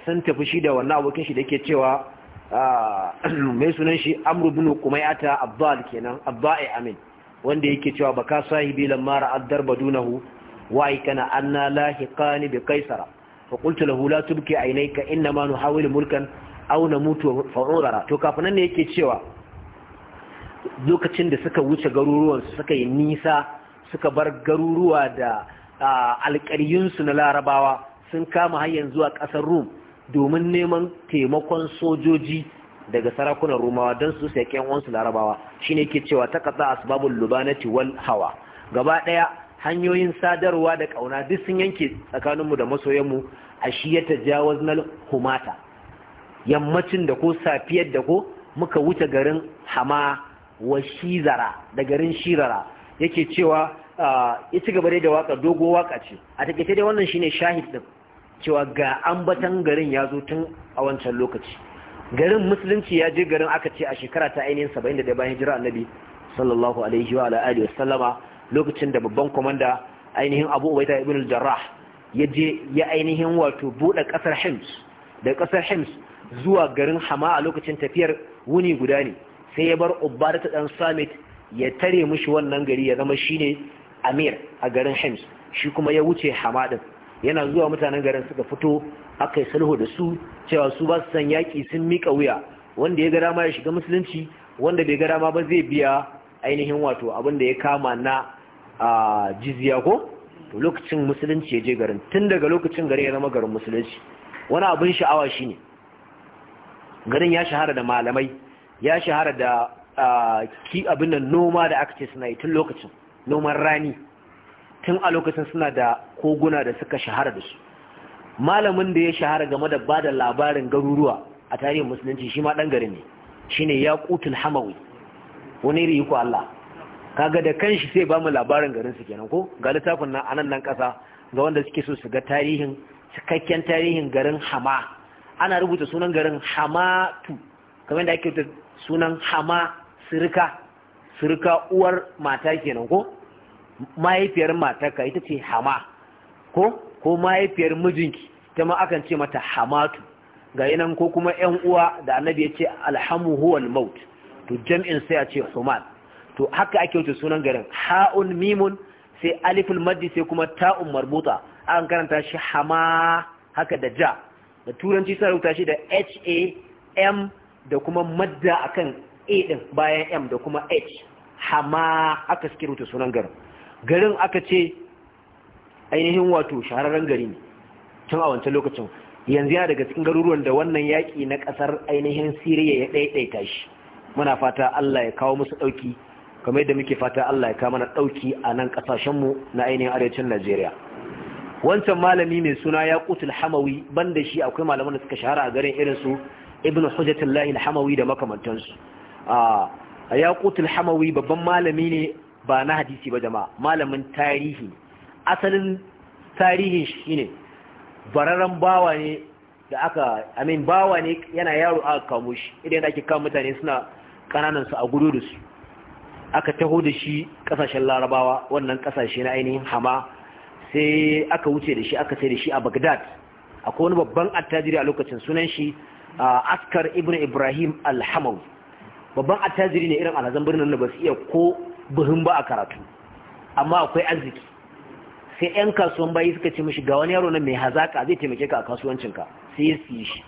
San tafi shi da wannan abokin shi da yake cewa ah, mai sunan shi amru bin kumayata abbal kenan abba'i amin wanda yake cewa baka sahibi lamma ra'ad darba dunahu wa kana anna lahiqani bi qaisara fa qultu lahu la tubki aynayka inna ma nuhawilu mulkan aw namutu fa'urara to kafin ne yake cewa lokacin da suka wuce garuruwan su suka yi nisa suka bar garuruwa da ah, alƙaryunsu na larabawa sun kama hanyar zuwa ƙasar rum domin neman taimakon sojoji daga sarakunan rumawa don su sai kyan wansu larabawa ne ke cewa ta kasa asbabul lubanati wal hawa gaba ɗaya hanyoyin sadarwa da ƙauna duk sun yanke tsakaninmu da masoyanmu a shi ya na humata yammacin da ko safiyar da ko muka wuce garin hama wa shizara da garin shirara yake cewa ah, ya ci gaba dai da waka dogo waka ce a takaice dai wannan shine shahid din cewa ga ambatan garin ya zo tun a wancan lokaci garin musulunci ya je garin aka ce a shekara ta ainihin 71 bayan hijira annabi sallallahu alaihi wa alihi wa sallama lokacin da babban komanda ainihin Abu ubaita ibn al-Jarrah ya je ya ainihin wato buɗe kasar Hims da kasar Hims zuwa garin Hama a lokacin tafiyar wuni guda ne sai ya bar Obada ta dan Samit ya tare mushi wannan gari ya zama shine Amir a garin Hims shi kuma ya wuce Hama din yana zuwa mutanen garin suka fito aka yi sulhu da su cewa su ba su san yaƙi sun miƙa wuya wanda ya ga dama ya shiga musulunci wanda bai ga dama ba zai biya ainihin wato abin da ya kama na jizya ko to lokacin musulunci ya je garin tun daga lokacin garin ya zama garin musulunci wani abin sha'awa shine garin ya shahara da malamai ya shahara da ki abin da noma da aka ce suna yi tun lokacin noman rani tun a lokacin suna da koguna da suka shahara da su malamin da ya shahara game da bada labarin garuruwa a tarihin musulunci shi ma dan garin ne shine yaqutul hamawi wani riyi ko Allah kaga da kanshi sai ba mu labarin garin su kenan ko ga littafin nan anan nan kasa ga wanda suke so su ga tarihin cikakken tarihin garin Hama ana rubuta sunan garin Hamatu kamar da ake rubuta sunan Hama sirika sirika uwar mata kenan ko mahaifiyar matarka ita ce hama ko ko mahaifiyar mijinki ta ma akan ce mata hamatu ga yanan ko kuma yan uwa da annabi ya ce alhamu huwa almaut to jam'in sai a ce human to haka ake wuce sunan garin ha'un mimun sai aliful maddi sai kuma ta'un marbuta an karanta shi hama haka da ja da turanci suna rubuta shi da h a m da kuma madda akan a din bayan m da kuma h hama haka suke rubuta sunan garin garin aka ce ainihin wato shahararren gari ne tun a wancan lokacin yanzu yana daga cikin garuruwan da wannan yaƙi na ƙasar ainihin siriya ya ɗaiɗaita shi muna fata allah ya kawo musu ɗauki kamar yadda muke fata allah ya kawo mana ɗauki a nan ƙasashenmu na ainihin arewacin najeriya wancan malami mai suna ya kutul hamawi da shi akwai malaman da suka shahara a garin irin su ibn hujjatullahi hamawi da makamantansu a ah, ya kutul hamawi babban malami ne ba na hadisi ba jama'a malamin tarihi asalin tarihin shi ne bararren bawa ne da aka amin bawa ne yana yaro aka kamo shi idan ake kawo mutane suna kananan su a gudu da su aka taho da shi kasashen larabawa wannan kasashe na ainihin hama sai aka wuce da shi aka sai da shi a bagdad akwai wani babban attajiri a lokacin sunan shi uh, askar ibn ibrahim alhamawi babban attajiri ne irin alhazan birnin da ba su iya ko buhun ba a karatu amma akwai arziki sai 'yan kasuwan bayi suka ce mashi ga wani yaro na mai hazaka zai taimake ka a kasuwancinka sai ya siye shi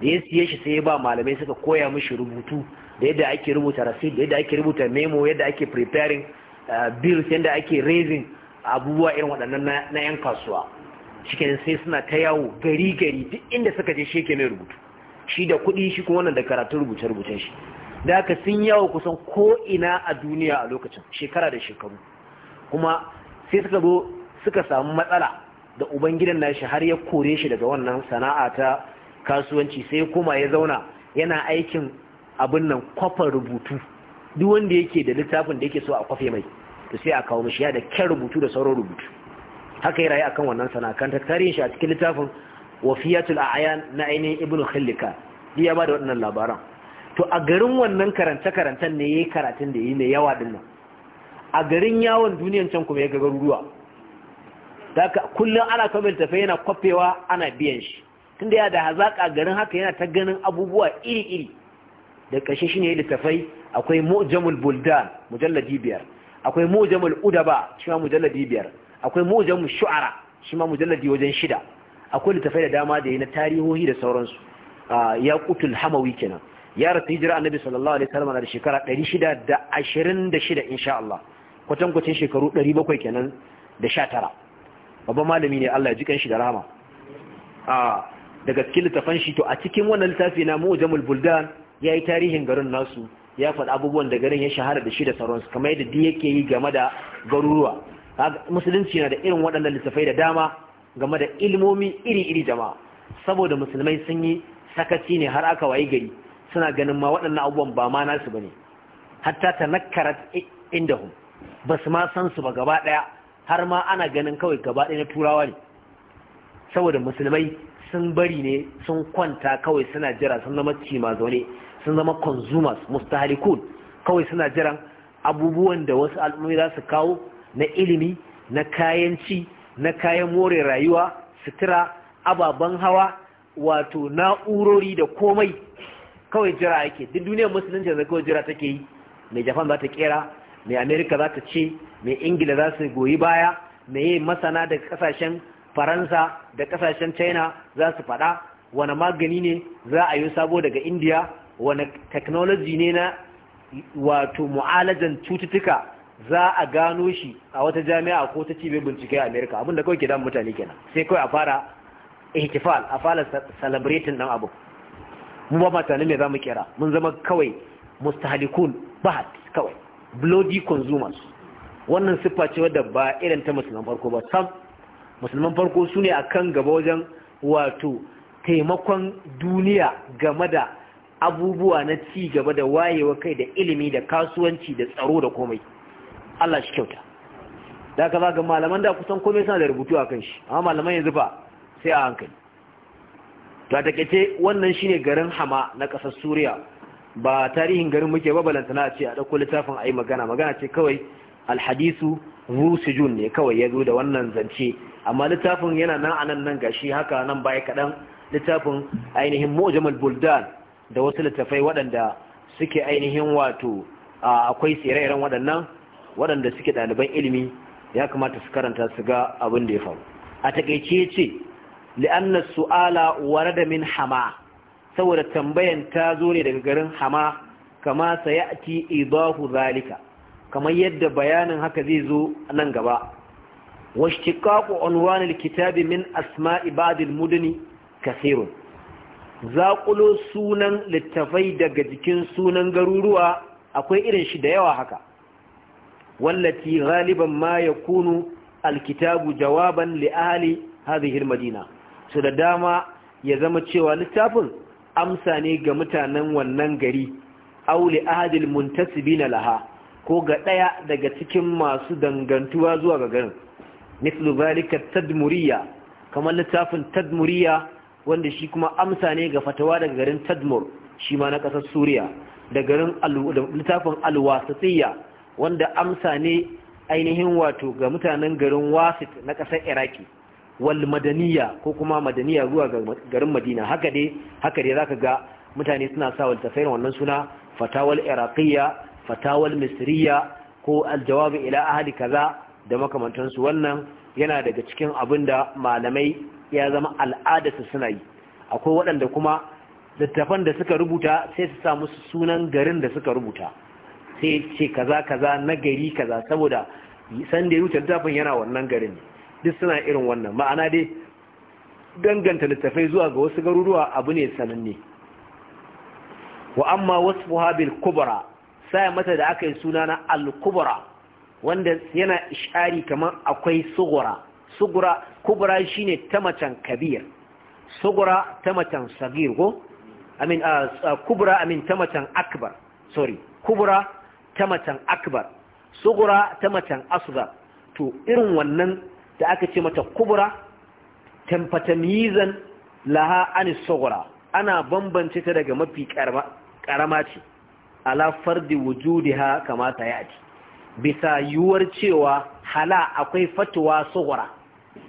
da ya siye shi sai ya ba malamai suka koya mashi rubutu da yadda ake rubuta rasid da yadda ake rubuta memo yadda ake preparing eh, bills yadda ake raising abubuwa irin waɗannan na 'yan kasuwa cikin sai suna ta yawo gari gari duk inda suka je shi mai rubutu shi da kuɗi shi kuma wannan da karatu rubuce rubucen shi da aka sun yawo kusan ko'ina a duniya a lokacin shekara da shekaru kuma sai suka zo suka samu matsala da ubangidan na shi har ya kore shi daga wannan sana'a ta kasuwanci sai kuma ya zauna yana aikin abin nan kwafar rubutu duk wanda yake da littafin da yake so a kwafe mai to sai a kawo mishi ya da kyan rubutu da sauran rubutu haka ya rayu akan wannan sana'a kan tarihin shi a cikin littafin wafiyatul a'ayan na ainihin ibnu khillika ya ba da waɗannan labaran to a garin wannan karance-karancen ne ya yi karatun da ya yi mai yawa din nan a garin yawon duniyan can kuma ya ga garuruwa da kullum ana kamar tafe yana kwafewa ana biyan shi tunda ya da hazaƙa garin haka yana ta ganin abubuwa iri-iri da ƙashe shi ne littafai akwai mujamul buldan mujalladi biyar akwai mujamul udaba shi ma mujalladi biyar akwai mujamul shu'ara shi ma mujalladi wajen shida akwai littafai da dama da yi na tarihohi da sauransu ah, ya kutul hamawi kenan ya rasu hijira annabi sallallahu alaihi wasallam da shekara 626 insha Allah kwatan shekaru 700 kenan da 19 babban malami ne Allah ya ji kanshi da rahama a daga cikin littafan shi to a cikin wannan littafi na Mu'jamul Buldan yayi tarihin garin nasu ya faɗi abubuwan da garin ya shahara da shi da sauransu kamar yadda duk yake yi game da garuruwa musulunci na da irin waɗannan littafai da dama game da ilmomi iri-iri jama'a saboda musulmai sun yi sakaci ne har aka wayi gari suna ganin ma waɗannan abubuwan ba ma nasu ba ne, hatta ta inda hun ba su ma san su ba gaba ɗaya har ma ana ganin kawai gaba ɗaya na turawa ne saboda musulmai sun bari ne sun kwanta kawai suna jira sun zama cima zaune sun zama consumers mustahalikun kawai suna jiran abubuwan da wasu al'ummi za su kawo na ilimi na kayan ci na kayan more rayuwa sutura ababen hawa wato na'urori da komai kawai jira yake duk duniyar musulunci da kawai jira take yi mai japan za ta kera mai amerika za ta ce mai ingila za su goyi baya mai yi masana da kasashen faransa da kasashen china za su faɗa wani magani ne za a yi sabo daga india wani technology ne na wato mu'alajan cututtuka za a gano shi a wata jami'a ko ta cibiyar bincike a america abinda kawai ke mutane kenan sai kawai a fara ihtifal a fara celebrating dan abu mu ba ma tunanin me za mu kira mun zama kawai mustahalikun bahad kawai bloody consumers wannan siffa ce wadda ba irin ta musulman farko ba sam musulman farko su ne akan gaba wajen wato taimakon duniya game da abubuwa na ci gaba da wayewa kai da ilimi da kasuwanci da tsaro da komai Allah shi kyauta da ka ga malaman da kusan komai suna da rubutu a kan shi amma malaman yanzu ba sai a hankali to a takaice wannan shine garin hama na ƙasar suriya ba tarihin garin muke ba balantana ce a ɗauko littafin a yi magana magana ce kawai alhadisu rusijun ne kawai ya zo da wannan zance amma littafin yana nan a nan nan gashi haka nan baya kaɗan littafin ainihin mojamal buldan da wasu littafai waɗanda suke ainihin wato akwai tsire-iren waɗannan waɗanda suke ɗaliban ilimi ya kamata su karanta su ga abin da ya faru a takaice ce li'anna su'ala da min hama saboda tambayan ta zo ne daga garin hama kama sayati ibahu zalika kamar yadda bayanin haka zai zo nan gaba washtiqaqu unwan alkitab min asma'i ba'd almudni kaseerun zaqulo sunan littafai daga jikin sunan garuruwa akwai irin shi da yawa haka wallati ghaliban ma kunu alkitabu jawaban li ahli hadhihi almadina su da dama ya zama cewa littafin amsa ne ga mutanen wannan gari aule ahadil na laha ko ga ɗaya daga cikin masu dangantuwa zuwa ga garin mislu zalika tadmuriya kamar littafin tadmuriya wanda shi kuma amsa ne ga fatawa daga garin tadmur shi ma na ƙasar suriya da garin littafin alwasatsiya wanda amsa ne ainihin wato ga mutanen garin wasit na ƙasar iraki wal madaniya ko kuma madaniya zuwa garin madina haka dai haka dai zaka ga mutane suna sa waltafai wannan suna fatawal iraqiyya fatawal misriya ko jawabi ila ahli kaza da makamantansu wannan yana daga cikin abin da malamai ya zama su suna yi akwai waɗanda kuma littafan da suka rubuta sai su sa musu sunan garin da suka rubuta sai ce kaza kaza na gari kaza saboda san da ya littafin yana wannan garin ne duk suna irin wannan ma'ana dai danganta littafai zuwa ga wasu garuruwa abu ne sananne wa amma wasu bil kubra sai mata da aka yi suna na al wanda yana ishari kamar akwai sugura sugura shine ta macen kabir sugura ta macen sagir ko kubura uh, uh, kubra amin ta macen akbar sorry kubura ta macen akbar sugura ta macen Asugar to irin wannan da aka ce mata kubura, tamfatamizan laha anis sugura ana bambance ta daga mafi karama ce ala fardi wujudiha kamata ya ci bisa yuwar cewa hala akwai fatuwa sugura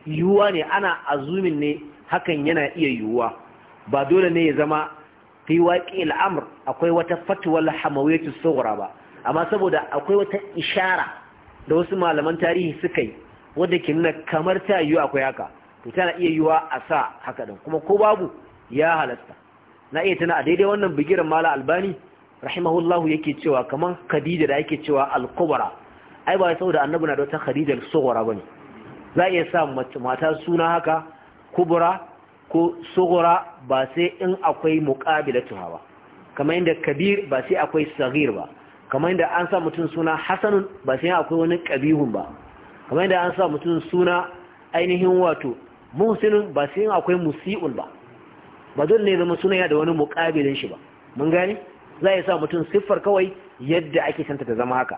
yiwuwa ne ana azumin ne hakan yana iya yiwuwa. ba dole ne ya zama fi al'amur akwai wata fatuwar hamawaitu sugura ba amma saboda akwai wata ishara da wasu malaman tarihi suka yi wanda ke nuna kamar ta yiwu akwai haka to tana iya yiwa a sa haka din kuma ko babu ya halasta na iya tana a daidai wannan bigiran mala albani rahimahullahu yake cewa kamar khadija da yake cewa al-kubra ai ba saboda annabi na da wata khadija Sogora sughra bane za iya sa mata suna haka kubra ko sughra ba sai in akwai muqabilatuha ba kamar inda kabir ba sai akwai saghir ba kamar inda an sa mutum suna hasanun ba sai akwai wani kabihun ba kamar yadda an sa mutum suna ainihin wato muhsinin ba sai akwai musi'un ba ba dole ne zama suna da wani mukabilin shi ba mun gane za ya sa mutum siffar kawai yadda ake santa ta zama haka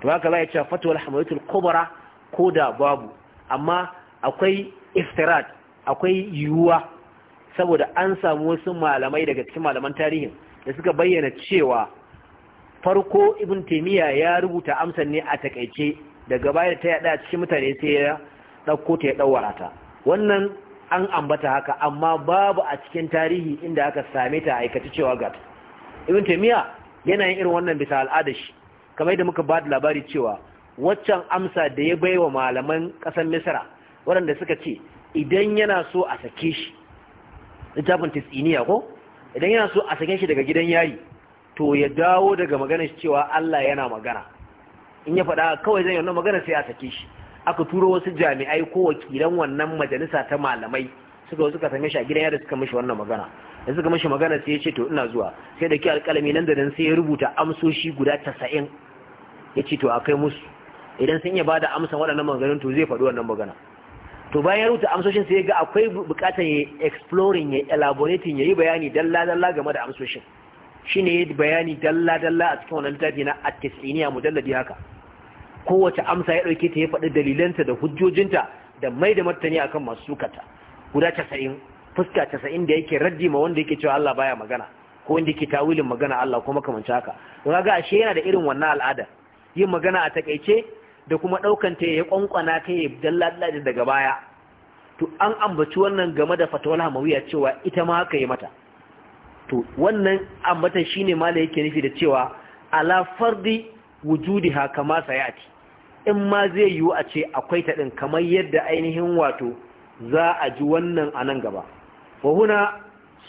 to haka za ya ce fatuwar hamalatul kubra ko da babu amma akwai iftirat akwai yiwuwa saboda an samu wasu malamai daga cikin malaman tarihin da suka bayyana cewa farko ibn taimiyya ya rubuta amsar ne a takaice daga baya ta yada cikin mutane sai ya ɗauko ta ya ɗauwara ta wannan an ambata haka amma babu a cikin tarihi inda aka same ta aikace cewa ga ta ibn taymiya yana yin irin wannan bisa al'ada shi kamar yadda muka ba da labari cewa waccan amsa da ya baiwa malaman ƙasar misra waɗanda suka ce idan yana so a sake shi littafin tisiniya ko idan yana so a sake shi daga gidan yari to ya dawo daga maganar cewa Allah yana magana in ya faɗa kawai zai yana magana sai a sake shi aka turo wasu jami'ai ko wakilan wannan majalisa ta malamai suka suka same shi a gidan yadda suka mishi wannan magana da suka mishi magana sai ya ce to ina zuwa sai da ke alƙalami nan da nan sai ya rubuta amsoshi guda tasa'in ya ce to a musu idan sun iya ba da amsa waɗannan maganganun to zai faɗi wannan magana to bayan ya rubuta amsoshin sai ya ga akwai buƙatar ya exploring ya elaborating ya yi bayani dalla dalla game da amsoshin shine yi bayani dalla dalla a cikin wannan littafi na a tisiniya mujalladi haka kowace amsa ya ɗauke ta ya faɗi dalilanta da hujjojinta da mai da martani akan masu sukata guda 90 fuska casa'in da yake raddi ma wanda yake cewa Allah baya magana ko wanda yake tawilin magana Allah kuma kamar makamanci haka ga ashe yana da irin wannan al'ada yin magana a takaice da kuma ɗaukan ta ya kwankwana ta ya dalla dalla daga baya to an ambaci wannan game da fatawar hamawiya cewa ita ma haka yi mata to wannan ambatan shine mala yake nufi da cewa ala fardi ha kama sayati in ma zai yiwu a ce akwai ta din kamar yadda ainihin wato za a ji wannan a nan gaba wa huna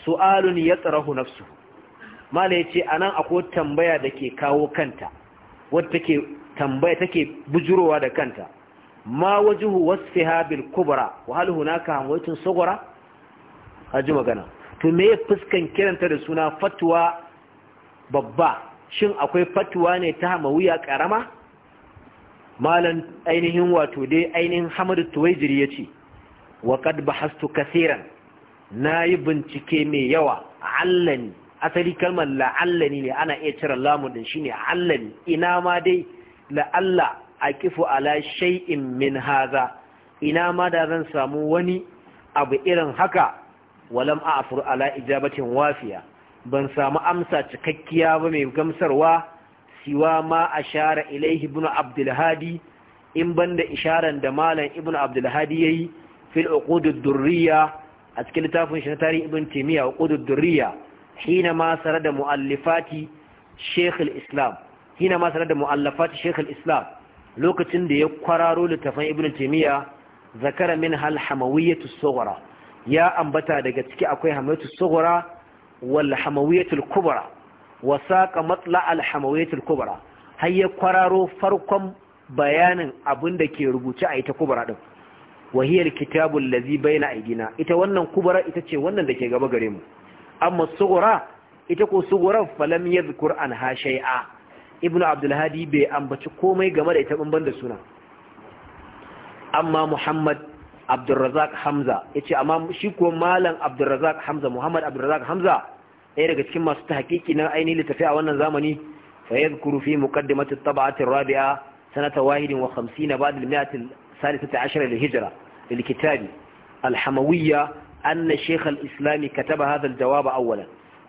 su'alun yatrahu nafsu mala yace anan akwai tambaya da ke kawo kanta wadda take tambaya take bujurowa da kanta ma wajuhu wasfiha bil kubra wa hal hunaka hamwatun sughra haji magana to me ya fuskan kiranta da suna fatuwa babba shin akwai fatuwa ne ta mawuya karama malan ainihin wato dai ainihin hamadu tuwaijiri ya ce wa kad bahastu kasiran na yi bincike mai yawa allani asali kalmar la'allani ne ana iya cire lamun din shine allani ina ma dai la'alla a kifu ala shay'in min haza ina ma da zan samu wani abu irin haka walam a'fur ala ijabatin wafiya ban samu amsa cikakkiya ba mai gamsarwa siwa ma ashara ilaihi ibn abdul in banda isharan da malam ibnu abdul yayi fil uqud durriya a cikin littafin shi na tarihi ibn timiya uqud durriya hina ma da muallifati shaykh islam hina ma sarada muallafati shaykh islam lokacin da ya kwararo littafin ibnu timiya zakara min hal hamawiyatu sughra ya ambata daga ciki akwai hamawiyatu sughra wal hamawiyatul kubra wa saqa matla al hamawiyatul kubra har ya kwararo farkon bayanin abin da ke rubuce a ita kubra din wa hiya al kitabu baina aidina ita wannan kubra ita ce wannan da ke gaba gare mu amma sughra ita ko sughra falam yadhkur ha shay'a Ibnu abdul hadi bai ambaci komai game da ita banban da suna amma muhammad abdurrazak hamza ya ce amma shi kuwa malam abdurrazak hamza muhammad abdurrazak hamza ɗaya daga cikin masu tahqiqi na ainihin littafi a wannan zamani fa yadhkuru fi muqaddimati rabia sanata 51 ba'da al-mi'ati al-thalithati lil-hijra lil-kitab al-hamawiyya anna shaykh al-islam kataba hadha al-jawab awwalan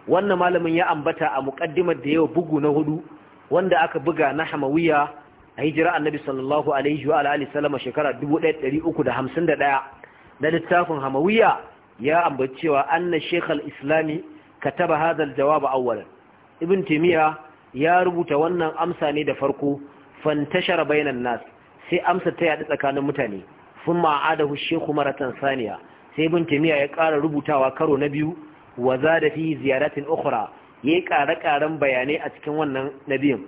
wannan malamin ya ambata a muqaddimar da yau bugu na hudu wanda aka buga na hamawiyya a hijira annabi sallallahu alaihi wa alihi sallama shekara 1351 na littafin hamawiya ya ambaci cewa anna shaykh al-islami kataba hadha al-jawab awwalan ibn taymiya ya rubuta wannan amsa ne da farko fantashara bainan nas sai amsa ta yadi tsakanin mutane sun ma'adahu shaykh maratan saniya sai ibn taymiya ya ƙara rubutawa karo na biyu wa zada fi ziyaratin ukhra yayi ƙare-ƙaren bayanai a cikin wannan nabiyin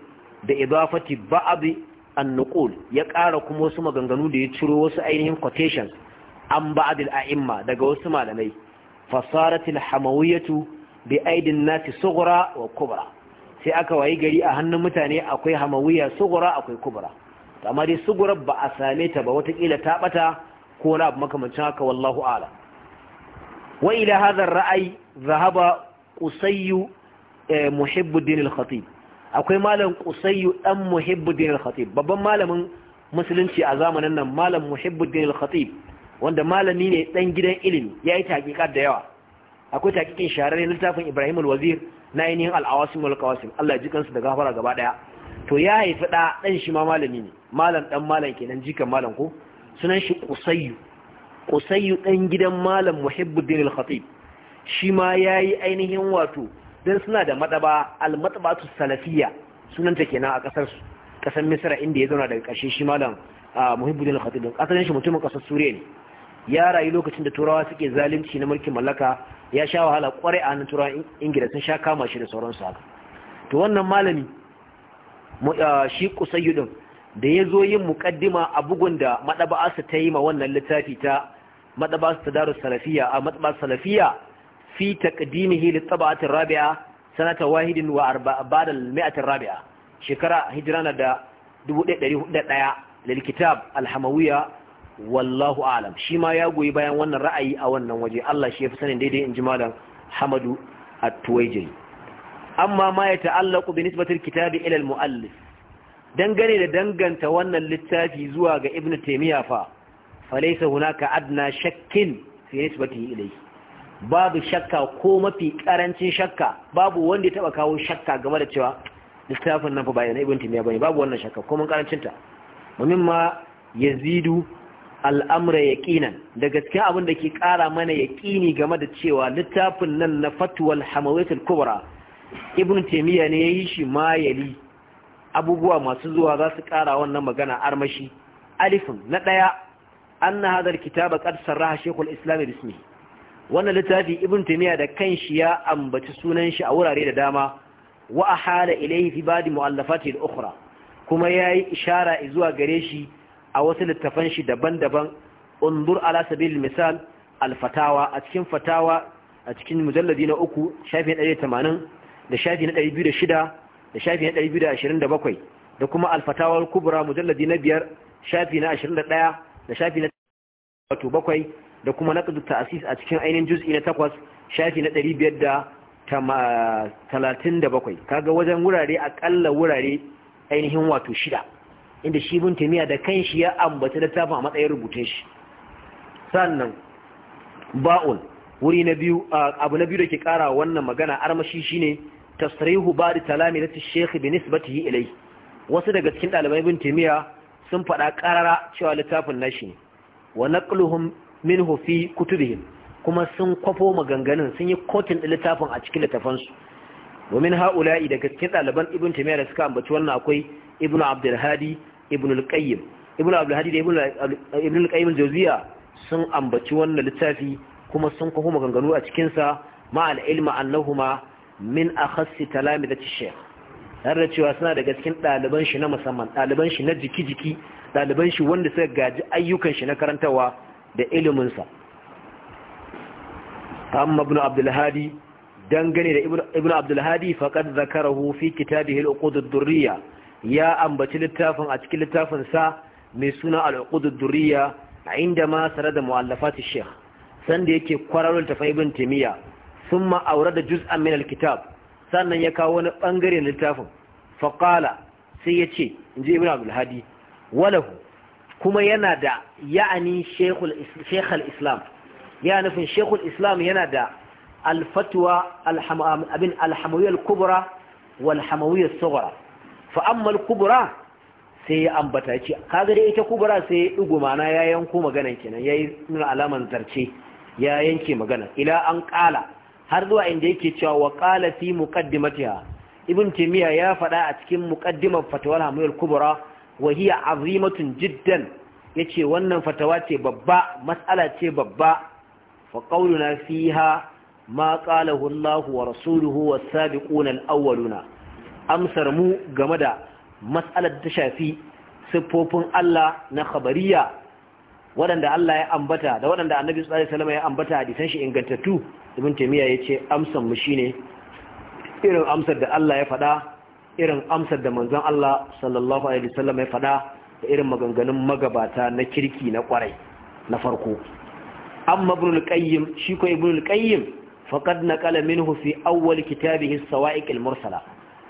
da idafati ba'd annukul ya ƙara kuma wasu maganganu da ya ciro wasu ainihin quotations an ba'adil a'imma daga wasu malamai fasaratil hamawiyatu bi aidin nasi sughra wa kubra sai aka wayi gari a hannun mutane akwai hamawiya sugura akwai kubra amma dai sughra ba a same ta ba watakila ta bata ko na abu makamancin haka wallahu ala wa ila hadha zahaba raay dhahaba qusayyu eh, muhibbuddin al-khatib akwai malam kusayyu dan muhibbuddin al-khatib babban malamin musulunci a zamanin nan malam muhibbuddin al-khatib wanda malami ne dan gidan ilimi yayi taqiqat da yawa akwai taƙiƙin shahararren littafin Ibrahim al-Wazir na ainihin al-awasim wal-qawasim Allah ya ji kansu da gafara gaba ɗaya to ya haifi da dan shi ma malami ne malam ɗan malam kenan jikan malam ko sunan shi kusayyu kusayyu ɗan gidan malam muhibbuddin al-khatib shi ma yayi ainihin wato don suna da matsaba almatsaba su salafiya sunanta kenan a kasar kasar misra inda ya zauna daga ƙarshe shi malam muhibbuddin khatibin asalin shi mutumin kasar suriya ne ya rayu lokacin da turawa suke zalunci na mulkin mallaka ya sha wahala kwarai a hannun turawa ingila sun sha kama shi da sauransu haka to wannan malami shi kusayyudin da ya zo yin mukaddima a bugun da madaba'arsa ta yi ma wannan littafi ta madaba'arsa ta daru salafiya a madaba'ar salafiya fi taqdimihi li tab'ati rabi'a sanata wahidin wa arba'a ba'da al-mi'ati rabi'a shekara hijrana da 1401 lil kitab al-hamawiyya wallahu a'lam shi ma ya goyi bayan wannan ra'ayi a wannan waje Allah shi ya sanin daidai in ji malam Hamadu at-Tuwaijiri amma ma ya ta'allaqu bi nisbatil kitabi ila al-mu'allif dangane da danganta wannan littafi zuwa ga Ibn Taymiyyah fa falaysa hunaka adna shakkin fi nisbatihi ilayhi babu shakka ko mafi karancin shakka babu wanda ya taba kawo shakka game da cewa littafin nan fa ba na ibn timiya bane babu wannan shakka ko mun karancin ta mumin ma yazidu al'amra yaqinan da gaskiya abin da ke kara mana yaqini game da cewa littafin nan na fatwal hamawit al-kubra ibn timiya ne yayi shi ma yali abubuwa masu zuwa za su kara wannan magana armashi alifin na daya anna hadha al-kitaba qad sarraha shaykhul islam bismihi wannan littafi ibn taymiya da kanshi ya ambaci sunan shi a wurare da dama wa ahala ilayhi fi ba'd mu'allafatihi al-ukhra kuma yayi ishara zuwa gare shi a wasu littafan shi daban-daban undur ala sabil misal al-fatawa a cikin fatawa a cikin mujalladi na uku shafi 180 da shafi na 206 da shafi na 227 da kuma al-fatawa al-kubra mujalladi na biyar shafi na 21 da shafi na 7 da kuma naqdu ta'sis a cikin ainihin juz'i na takwas shafi na ɗari biyar da da talatin bakwai kaga wajen wurare akalla wurare ainihin wato shida inda shi bin tamiya da kanshi ya ambata littafin a matsayin rubutun shi sannan ba'un wuri na biyu abu na biyu da ke kara wannan magana armashi shine tasrihu ba da talami na shekhi bi nisbatihi ilai wasu daga cikin ɗalibai bin timiya sun faɗa ƙarara cewa littafin nashi ne wa naqluhum min hufi kutubihim kuma sun kwafo maganganun sun yi da littafin a cikin littafansu domin ha'ula'i daga cikin ɗaliban ibn taymiya da suka ambaci wannan akwai ibn abdulhadi ibn al ibn abdulhadi da ibn al sun ambaci wannan littafi kuma sun kwafo maganganu a cikin sa ma al-ilma annahuma min akhassi talamidati shaykh har da cewa suna daga cikin ɗaliban shi na musamman ɗaliban shi na jiki-jiki ɗaliban shi wanda suka gaji ayyukan shi na karantawa da iliminsa amma ibn abdulhadi dangane da ibn abdulhadi faqad zakarahu fi kitabihi al-uqud ad-durriya ya ambaci littafin a cikin littafin sa mai suna al-uqud ad-durriya عندما سرد مؤلفات الشيخ sanda yake kwararul tafai bin timiya thumma awrada juz'an min al-kitab sannan ya kawo wani bangare na littafin faqala sai yace inji ibn Abdulhadi walahu kuma yana da ya'ani shekul islam ya nufin shekhul islam yana da alfatuwa abin alhamawiyar kubra walhamawiyar tsogara fa'ammal kubra sai ya ambata ce kaga da ita kubra sai ya ɗugu mana ya yanku maganan kenan ya yi nuna alaman zarce ya yanke magana ila an ƙala har zuwa inda yake cewa wa ƙala fi muƙaddimatiya ibn timiya ya faɗa a cikin muƙaddimar fatawar hamuyar kubra wa hiya azimatun jiddan yace wannan fatawa ce babba mas'ala ce babba fa qauluna fiha ma qala Allahu wa rasuluhu was sabiquna al awwaluna amsar mu game da mas'alar ta shafi siffofin Allah na khabariya waɗanda Allah ya ambata da waɗanda Annabi sallallahu alaihi wasallam ya ambata hadisan shi ingantattu Ibn Taymiyyah yace amsar mu shine irin amsar da Allah ya faɗa irin amsar da manzon Allah sallallahu alaihi wasallam ya faɗa da irin maganganun magabata na kirki na kwarai na farko amma ibn al-qayyim shi ko ibn al-qayyim faqad naqala minhu fi awwal kitabihi as-sawa'iq al-mursala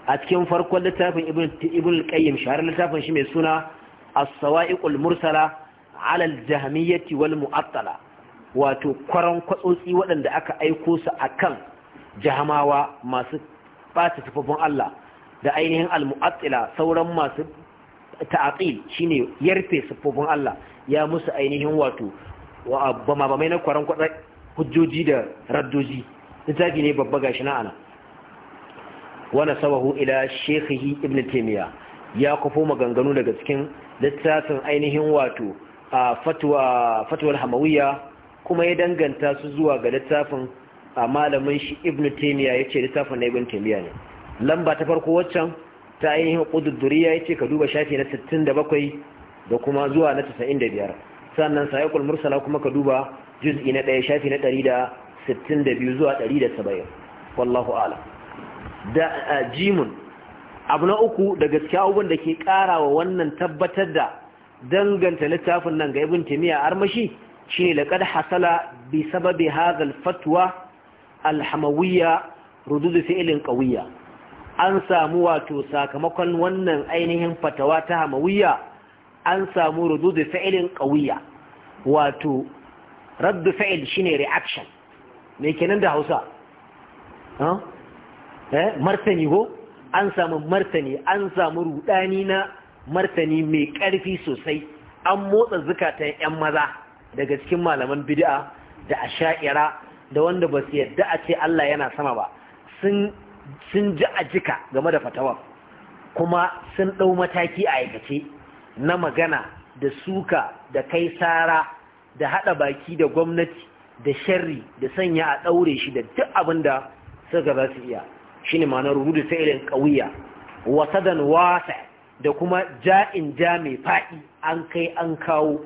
a cikin farkon littafin ibn ibn al-qayyim shahar littafin shi mai suna as-sawa'iq al-mursala ala al-jahmiyyah wal mu'attala wato kwaran kwatsotsi waɗanda aka aiko su akan jahamawa masu ɓata tufafin Allah da ainihin almu'attila sauran masu ta'aqil shine yarfe siffofin Allah ya musu ainihin wato ba ma mai na kwaran kwada hujjoji da raddoji littafi ne babba gashi na ana wani sabahu ila shekhihi ibn taimiyya ya kufo maganganu daga cikin littafin ainihin wato a fatuwar hamawiyya kuma ya danganta su zuwa ga littafin a malamin shi ibn taimiyya ya ce littafin na ibn taimiyya ne lamba ta farko waccan ta ainihin ƙududduriya ya ce ka duba shafi na 67 da kuma zuwa na 95 sannan sayakul mursala kuma ka duba juz'i na ɗaya shafi na 162 zuwa 170 wallahu ala da jimun abu na uku daga cikin abubuwan da ke ƙara wa wannan tabbatar da danganta littafin nan ga ibin timiya armashi shi ne laƙar hasala bi sababi hadha al-fatwa alhamawiyya hamawiyya rudud fi'lin qawiyya an samu wato sakamakon wannan ainihin fatawa ta hamawiyya an samu da fa'ilin qawiyya wato raddu fa'il shine reaction me kenan da Hausa eh, martani ko an samu martani an samu rudani na martani mai ƙarfi sosai an motsa zukatan 'yan maza daga cikin malaman bid'a da a shaira da wanda ba su yadda a ce Allah yana sama ba sun sun ji a jika game da fatawar kuma sun ɗau mataki a aikace na magana da suka da kai sara da haɗa baki da gwamnati da sharri da sanya a ɗaure shi da duk abin da suka za su iya shi ne ma'anar rudu ta irin ƙauya wasadan wasa da kuma ja'in ja mai faɗi an kai an kawo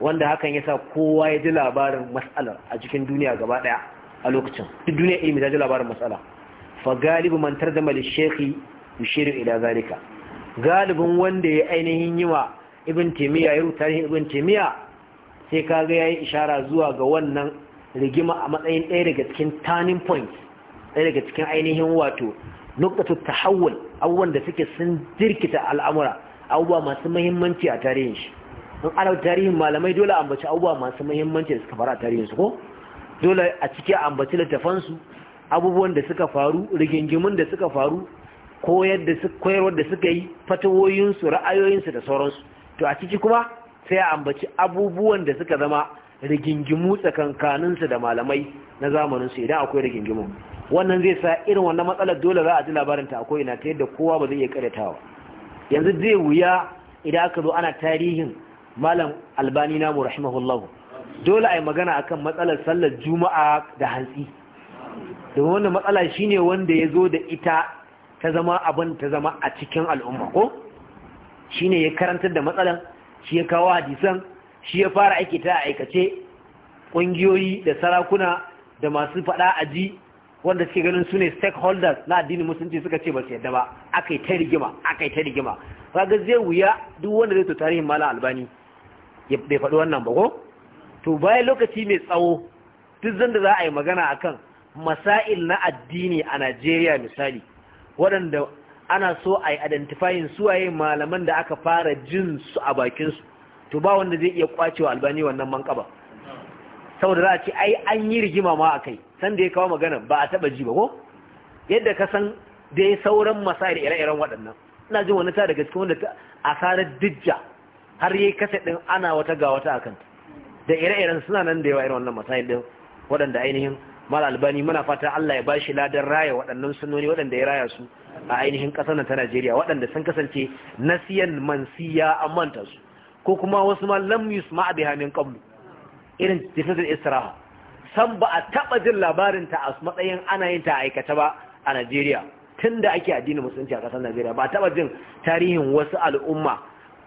wanda hakan ya yasa kowa ya ji labarin matsalar a cikin duniya gaba ɗaya a lokacin duk duniya ilimi ta ji labarin matsala fa galibu man tarjama li shaykhi yushiru ila zalika galibin wanda ya ainihin yiwa ibn taymiya ya rubuta ibn taymiya sai kaga yayi ishara zuwa ga wannan rigima a matsayin ɗaya daga cikin turning point ɗaya daga cikin ainihin wato nuktatu tahawul abubuwan da suke sun jirkita al'amura abubuwa masu muhimmanci a tarihin shi in ana tarihin malamai dole ambaci abubuwa masu muhimmanci da suka fara tarihin su ko dole a ciki ambaci littafansu. abubuwan da suka faru rigingimun da suka faru koyarwar da suka yi fatawoyinsu ra'ayoyinsu da sauransu to a ciki kuma sai a ambaci abubuwan da suka zama rigingimu tsakankaninsu da malamai na zamaninsu idan akwai rigingimu wannan zai sa irin wannan matsalar dole za a ji labarinta akwai na ta yadda kowa ba zai iya karatawa yanzu zai wuya idan aka zo ana tarihin malam albani namu rahimahullahu dole a yi magana akan matsalar sallar juma'a da hantsi domin wannan matsala shi ne wanda ya zo da ita ta zama abin ta zama a cikin al'umma ko ne ya karantar da matsalan shi ya kawo hadisan shi ya fara aiki ta aikace ƙungiyoyi da sarakuna da masu faɗa ji, wanda suke ganin su ne stakeholders na addinin musulunci suka ce ba su yadda ba aka yi ta rigima aka yi ta rigima ga zai wuya duk wanda zai to tarihin malam albani ya faɗi wannan ba ko to bayan lokaci mai tsawo duk da za a yi magana akan masail na addini a Najeriya misali waɗanda ana so a yi identifying suwaye malaman da aka fara jin su a bakin su to ba wanda zai iya wa albani wannan mankaba saboda za a ce ai an yi rigima ma a kai san da ya kawo magana ba a taba ji ba ko yadda ka san dai sauran masail ire-iren waɗannan ina jin wani ta daga cikin wanda ta asarar dijja har yi kasa ɗin ana wata ga wata akan da ire-iren suna nan da yawa irin wannan masail din waɗanda ainihin mal albani muna fata Allah ya bashi ladan raya waɗannan sunoni waɗanda ya raya su a ainihin ƙasar nan ta Najeriya waɗanda sun kasance nasiyan mansiya a manta su ko kuma wasu ma lam yusma biha min qablu irin tafsir istiraha san ba a taba jin labarin ta a matsayin ana yin ta aikata ba a Najeriya tunda ake addinin musulunci a ƙasar Najeriya ba taba jin tarihin wasu al'umma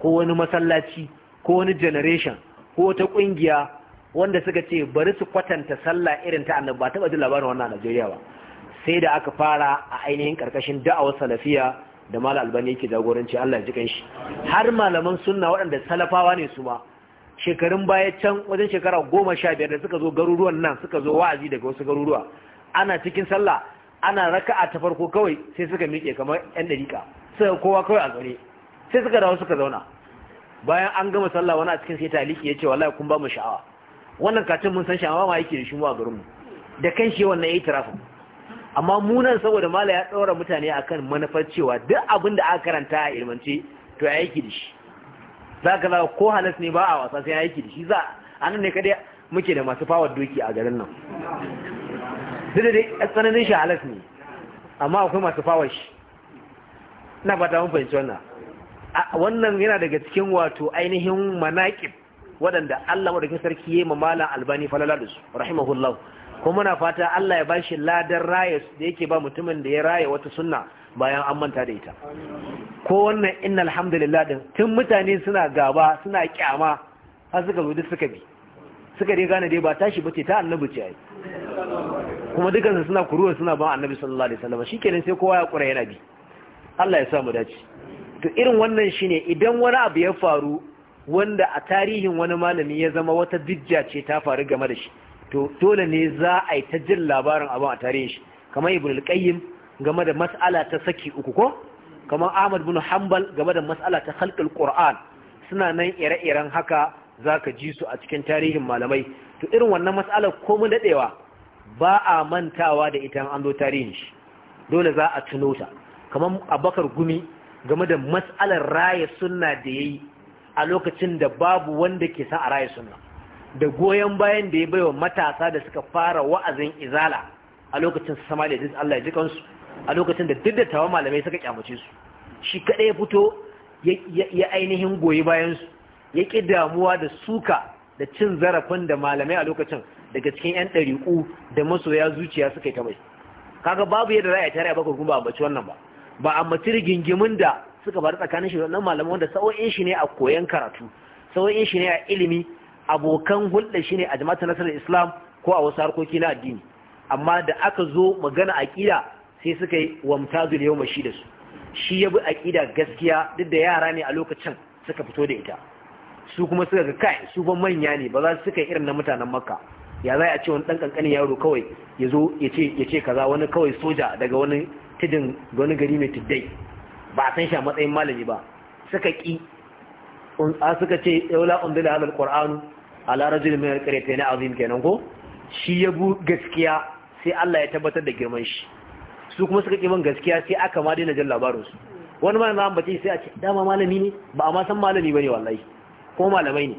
ko wani masallaci ko wani generation ko wata ƙungiya wanda suka ce bari su kwatanta sallah irin ta annabi ba taɓa jin labarin wannan a Najeriya ba sai da aka fara a ainihin karkashin da'awar salafiya da malam albani yake jagoranci Allah ya ji kanshi har malaman sunna waɗanda salafawa ne su ma shekarun baya can wajen shekara goma sha biyar da suka zo garuruwan nan suka zo wa'azi daga wasu garuruwa ana cikin sallah ana raka'a ta farko kawai sai suka miƙe kamar yan dariƙa suka kowa kawai a zaune sai suka dawo suka zauna bayan an gama sallah wani a cikin sai taliki ya ce wallahi kun ba mu sha'awa wannan katin mun san shi amma ma yake shi mu a garin mu da kan shi wannan yayi tirafin amma mu nan saboda mala ya daura mutane akan manufar cewa duk abin da aka karanta a ilmance to ya yake da shi zaka ga ko halas ne ba a wasa sai ya yake da shi za anan ne kadai muke da masu fawar doki a garin nan duk da dai tsananin shi halas ne amma akwai masu fawar shi ina fata mun fahimci wannan wannan yana daga cikin wato ainihin manaqib waɗanda Allah madaukakin sarki yayi mamala albani falalus rahimahullah kuma muna fata Allah ya bashi ladan raya da yake ba mutumin da ya raya wata sunna bayan an manta da ita ko wannan inna alhamdulillah din tun mutane suna gaba suna kyama har suka zo suka bi suka dai gane dai ba tashi bace ta annabi ce ai kuma su suna kuruwa suna ba annabi sallallahu alaihi wasallam shikenan sai kowa ya kura yana bi Allah ya sa mu dace to irin wannan shine idan wani abu ya faru wanda a tarihin wani malami ya zama wata dijja ce ta faru game da shi to dole ne za a yi ta jin labarin abin a tarihin shi kamar ibn al-qayyim game da mas'ala ta saki uku ko kamar ahmad ibn hanbal game da mas'ala ta khalqul qur'an suna nan ire-iren haka zaka ji su a cikin tarihin malamai to irin wannan mas'alar ko mun dadewa ba a mantawa da ita an zo tarihin shi dole za a tuno ta kamar abakar gumi game da mas'alar raya sunna da yayi a lokacin da babu wanda ke sa a raye sunna da goyon bayan da ya baiwa matasa da suka fara wa'azin izala a lokacin samali da Allah ya ji kansu a lokacin da duk da tawa malamai suka kyamace su shi kaɗai ya fito ya ainihin goyi bayan su ya ƙi damuwa da suka da cin zarafin da malamai a lokacin daga cikin 'yan ɗariƙu da masoya zuciya suka yi ta bai kaga babu yadda za a tare a bakwai kuma ba a wannan ba ba a mace rigingimin da suka faru tsakanin shi wannan malamai wanda sa'o'in shi ne a koyan karatu sa'o'in shi ne a ilimi abokan hulɗa shi ne a ta nasarar islam ko a wasu harkoki na addini amma da aka zo magana aƙida sai suka yi wamta da yau shi da su shi ya bi aƙida gaskiya duk da yara ne a lokacin suka fito da ita su kuma suka ga kai su ban manya ne ba za su suka irin na mutanen makka ya za a ce wani ɗan ƙanƙanin yaro kawai ya zo ya ce kaza wani kawai soja daga wani tudun wani gari mai tuddai ba a san shi a matsayin malami ba suka ƙi suka ce yaula undila hadal qur'anu ala rajul min al azim kenan ko shi ya bu gaskiya sai Allah ya tabbatar da girman shi su kuma suka ki bin gaskiya sai aka ma daina jin labarin su wani malami an bace sai a ce dama malami ne ba a ma san malami bane wallahi ko malamai ne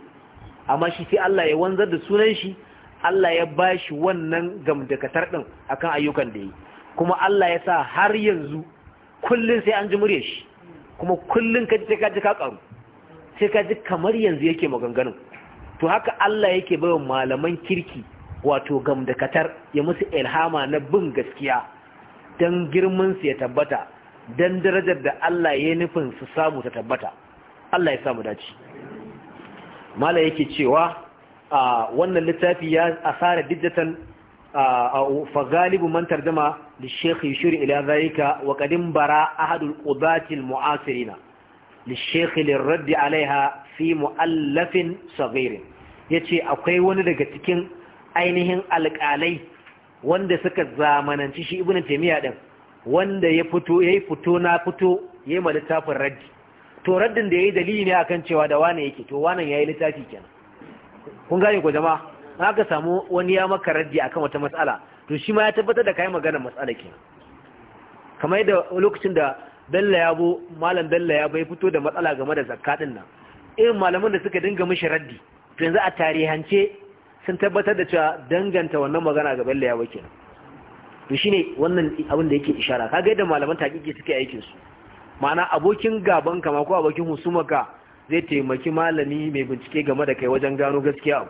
amma shi sai Allah ya wanzar da sunan shi Allah ya bashi wannan gamdakatar din akan ayyukan da ya yi kuma Allah ya sa har yanzu kullun sai an ji murya shi kuma kullun ka ji ka ji ka karu sai ka ji kamar yanzu yake maganganu, to haka Allah yake baiwa malaman kirki wato gamdakatar ya musu ilhama na bin gaskiya don su ya tabbata don darajar da Allah ya nufin su samu ta tabbata Allah ya samu dace mala yake cewa a wannan littafi ya asara diddatan فغالب من ترجم للشيخ يشير إلى ذلك وقد انبرى أحد القضاة المعاصرين للشيخ للرد عليها في مؤلف صغير yace akwai wani daga cikin ainihin alƙalai wanda suka zamananci shi ibnu taymiya din wanda ya fito yayi fito na fito yayi ma littafin raddi to raddin da yayi dalili ne akan cewa da wane yake to wannan yayi littafi kenan kun gane ko jama'a haka samu wani ya maka raddi akan wata matsala to shi ma ya tabbatar da kai magana matsala ke kamar yadda lokacin da Bello bo malam Bello ya bai fito da matsala game da zakka din nan irin malaman da suka dinga mishi raddi to yanzu a tarihance sun tabbatar da cewa danganta wannan magana ga Bello Yabo kenan to shine wannan abin da yake ishara kaga yadda malaman taqiqi suke aikin su ma'ana abokin gaban kama ko abokin ka zai taimaki malami mai bincike game da kai wajen gano gaskiya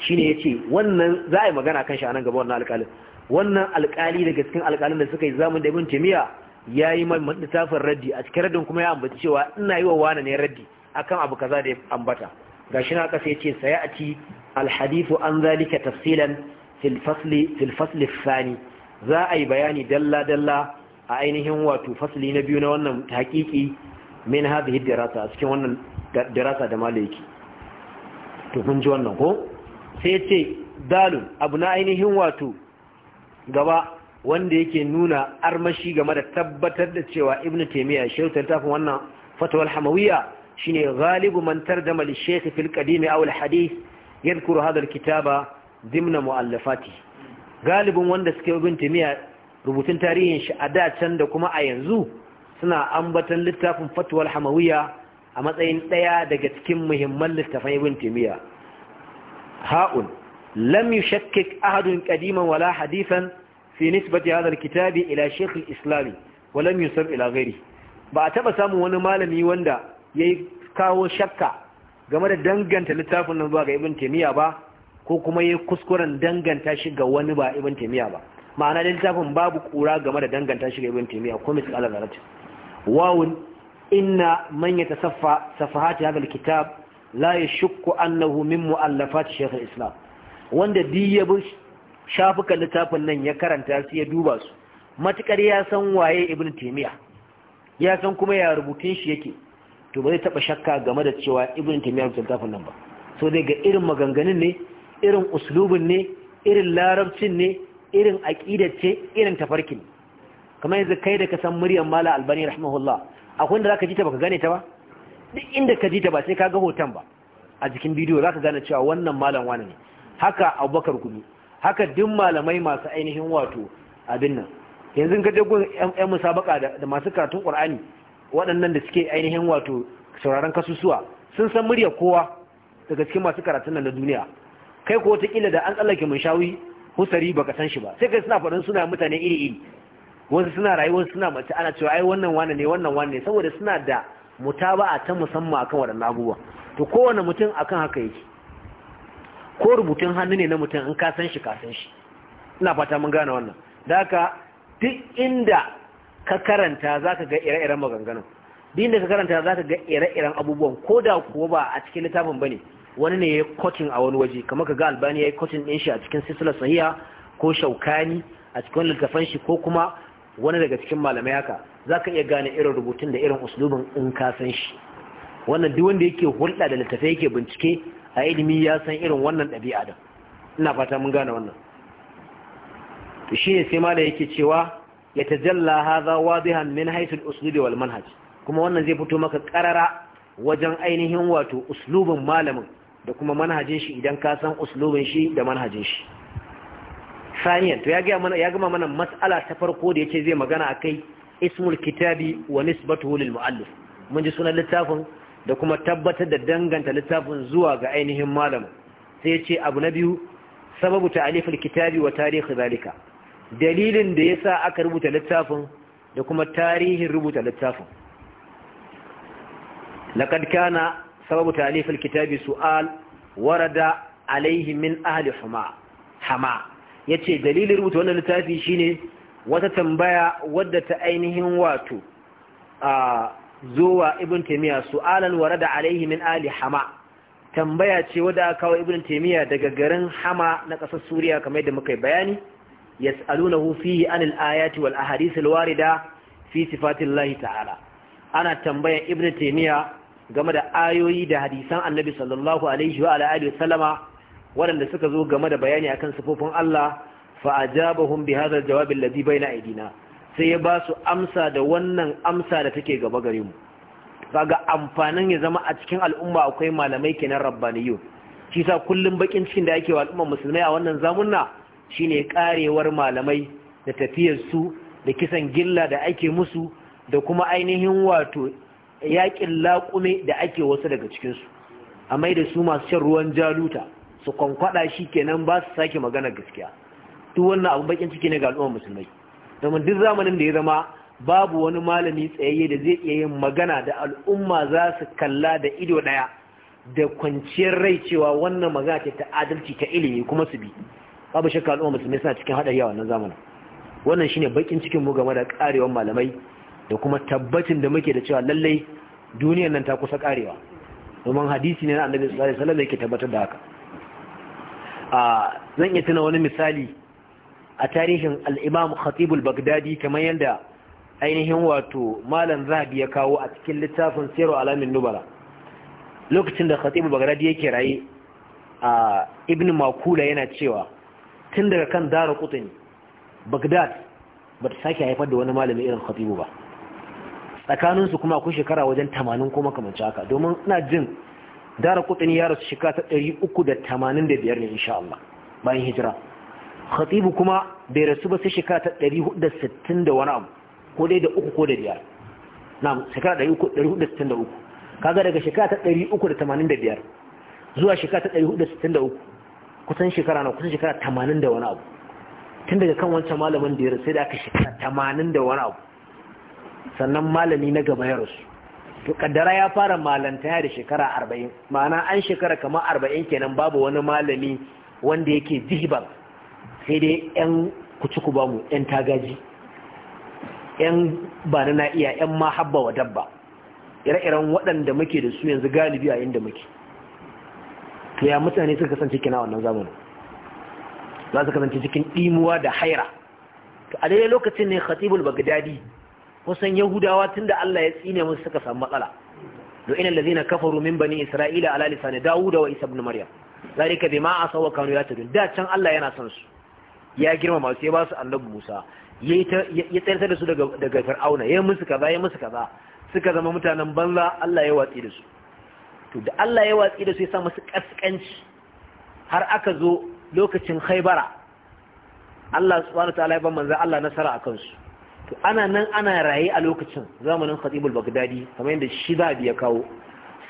Shi ne ya ce wannan za a yi magana kan shi a nan gaba wannan alƙalin wannan alƙali daga cikin alkalin da suka yi zamun da ibn timiya ya yi littafin raddi a cikin raddin kuma ya ambaci cewa ina yi wa wani ne raddi akan abu kaza da ya ambata ga shi na kasa ya ce sayati alhadifu an zalika tafsilan fil fasli fil za a yi bayani dalla dalla a ainihin wato fasli na biyu na wannan hakiki min hadhihi dirasa a cikin wannan dirasa da maliki to kun ji wannan ko sai ce dalun abu na ainihin wato gaba wanda yake nuna armashi game da tabbatar da cewa ibn taimiyya shehu tattafin wannan fatawar hamawiyya shine galibu mantar da mali shaykh fil kadimi aw hadis yadda kuro hadar kitaba zimna muallafati galibin wanda suke ibn taimiyya rubutun tarihin shi a da can da kuma a yanzu suna ambatan littafin fatawar hamawiyya a matsayin daya daga cikin muhimman littafan ibn taimiyya هاء لم يشكك أحد قديما ولا حديثا في نسبة هذا الكتاب إلى شيخ الإسلامي ولم يسب إلى غيره بأتبا سامو ونمالمي واندا يكاو شكا game da danganta littafin nan zuwa ga ibn taymiya ba ko kuma yayi kuskuren danganta shi ga wani ba ibn taymiya ba ma'ana da littafin babu kura game da danganta shi ga ibn taymiya ko mis al-gharat wa inna man yatasaffa safahati hadha al-kitab la ya shukku annahu min mu'allafat shaykh islam wanda diyabu shafukan littafin nan ya karanta sai ya duba su matukar ya san waye ibn taymiya ya san kuma ya rubutun shi yake to bai taba shakka game da cewa ibn taymiya littafin nan ba so dai ga irin maganganun ne irin uslubin ne irin larabcin ne irin aqidar ce irin tafarkin kamar yanzu kai da ka san muryar mala albani rahimahullah akwai da zaka ji ta baka gane ta ba duk inda ka ji ta ba sai ka ga hoton ba a jikin bidiyo za ka gane cewa wannan malam wani ne haka abubakar kudu haka duk malamai masu ainihin wato abin nan yanzu ka jagon yan musabaka da masu karatun qur'ani waɗannan da suke ainihin wato sauraron kasusuwa sun san murya kowa daga cikin masu karatun nan na duniya kai ko wataƙila da an tsallake mun shawi husari baka san shi ba sai kai suna faɗin suna mutane iri iri wasu suna rayuwa suna mace ana cewa ai wannan wane ne wannan wane ne saboda suna da a ta musamman akan waɗannan abubuwa to kowane mutum akan haka yake ko rubutun hannu ne na mutum in ka san shi ka san shi ina fata mun gane wannan da haka duk inda ka karanta zaka ga ire-iren maganganun duk inda ka karanta zaka ga ire-iren abubuwan ko da kuwa ba a cikin littafin bane wani ne ya kotin a wani waje kamar ka ga albani ya yi kotin ɗin shi a cikin sisila sahiya ko shaukani a cikin littafan shi ko kuma wani daga cikin malamai haka za ka iya gane irin rubutun da irin uslubin in ka san shi wannan duk wanda yake hulɗa da littafai yake bincike a ilimi ya san irin wannan ɗabi'a da ina fata mun gane wannan to shi ne sai malai yake cewa ya tajalla hadha wadihan min haythu al-uslubi wal manhaj kuma wannan zai fito maka karara wajen ainihin wato uslubin malamin da kuma manhajin shi idan ka san uslubin shi da manhajin shi saniyan to ya gama mana mas'ala ta farko da ce zai magana akai ismul kitabi wa nisbatuhu lil muallif mun ji sunan littafin da kuma tabbatar da danganta littafin zuwa ga ainihin malamin sai ya ce abu na biyu sababu ta'alifil kitabi wa tarihi zalika dalilin da yasa aka rubuta littafin da kuma tarihin rubuta littafin laqad kana sababu ta'alifil kitabi su'al warada alaihi min ahli hama hama yace dalilin rubuta wannan littafi shine wata tambaya wadda ta ainihin wato a zuwa ibn taymiya su'alan warada alaihi min ali hama tambaya ce wadda aka kawo ibn taymiya daga garin hama na ƙasar suriya kamar yadda muka bayani yas'alunahu fihi anil ayati wal ahadith al warida fi sifatillahi ta'ala ana tambayan ibn taymiya game da ayoyi da hadisan annabi sallallahu alaihi wa alihi wasallama waɗanda suka zo game da bayani akan sifofin Allah fa ajabahum bi hadha aljawab alladhi bayna aydina sai ya ba su amsa da wannan amsa da take gaba gare mu kaga amfanin ya zama a cikin al'umma akwai malamai kenan rabbaniyu shi sa kullum bakin cikin da ake wa al'ummar musulmai a wannan zamunna shine karewar malamai da tafiyar su da kisan gilla da ake musu da kuma ainihin wato yakin laƙume da ake wasu daga cikin su a mai da su masu shan ruwan jaluta su kwankwada shi kenan ba su sake magana gaskiya duk wannan abu bakin ciki ne ga al'ummar musulmai domin duk zamanin da ya zama babu wani malami tsayayye da zai iya yin magana da al'umma za su kalla da ido daya da kwanciyar rai cewa wannan magana ce ta adalci ta ilimi kuma su bi babu shakka al'umma musulmi suna cikin haɗari a wannan zamanin wannan shine bakin cikin mu game da karewar malamai da kuma tabbacin da muke da cewa lallai duniyar nan ta kusa karewa domin hadisi ne na annabi sallallahu alaihi wasallam yake tabbatar da haka a ah, zan iya tuna wani misali a tarihin al'imam khatibul bagdadi kamar yadda ainihin wato malam zahabi ya kawo a cikin littafin sero alamin Nubara, lokacin da khatibul bagdadi yake raye a ibn makula yana cewa tun daga kan dara kutun bagdad ba ta sake haifar da wani malami irin khatibu ba tsakaninsu kuma akwai shekara wajen tamanin kuma kamar haka domin ina jin dara kutani ya rasu shekara ta 385 ne insha Allah bayan hijira khatibu kuma bai rasu ba sai shekara ta 460 da wani abu ko dai da uku ko da biyar na shekara 463 kaga daga shekara ta 385 zuwa shekara ta 463 kusan shekara na kusan shekara 80 da wani abu tun daga kan wancan malamin da ya rasu sai da aka shekara 80 da wani abu sannan malami na gaba ya rasu to kaddara ya fara malanta da shekara 40 ma'ana an shekara kamar 40 kenan babu wani malami wanda yake jihbar sai dai yan kuci ku bamu yan tagaji yan ba na iya yan ma habba wa dabba ire-iren waɗanda muke da su yanzu galibi a inda muke to ya mutane suka kasance kina wannan zamanin za su kasance cikin ɗimuwa da haira to a daidai lokacin ne khatibul bagdadi kusan yahudawa tunda Allah ya tsine musu suka samu matsala لئن الذين كفروا isra'ila بني إسرائيل على لسان داود وإيسى بن مريم ذلك بما kanu yatadun Da can Allah yana son su. ya girmama masu ya ba su annabi Musa ya tsayar da su daga fir'auna ya musu kaza ya musu kaza suka zama mutanen banza Allah ya watsi da su to da Allah ya watsi da su ya sa musu kaskanci har aka zo lokacin haibara Allah subhanahu wataala ya ba manzo Allah nasara akan su to ana nan ana raye a lokacin zamanin Khatibul Baghdadi kamar yadda Shibabi ya kawo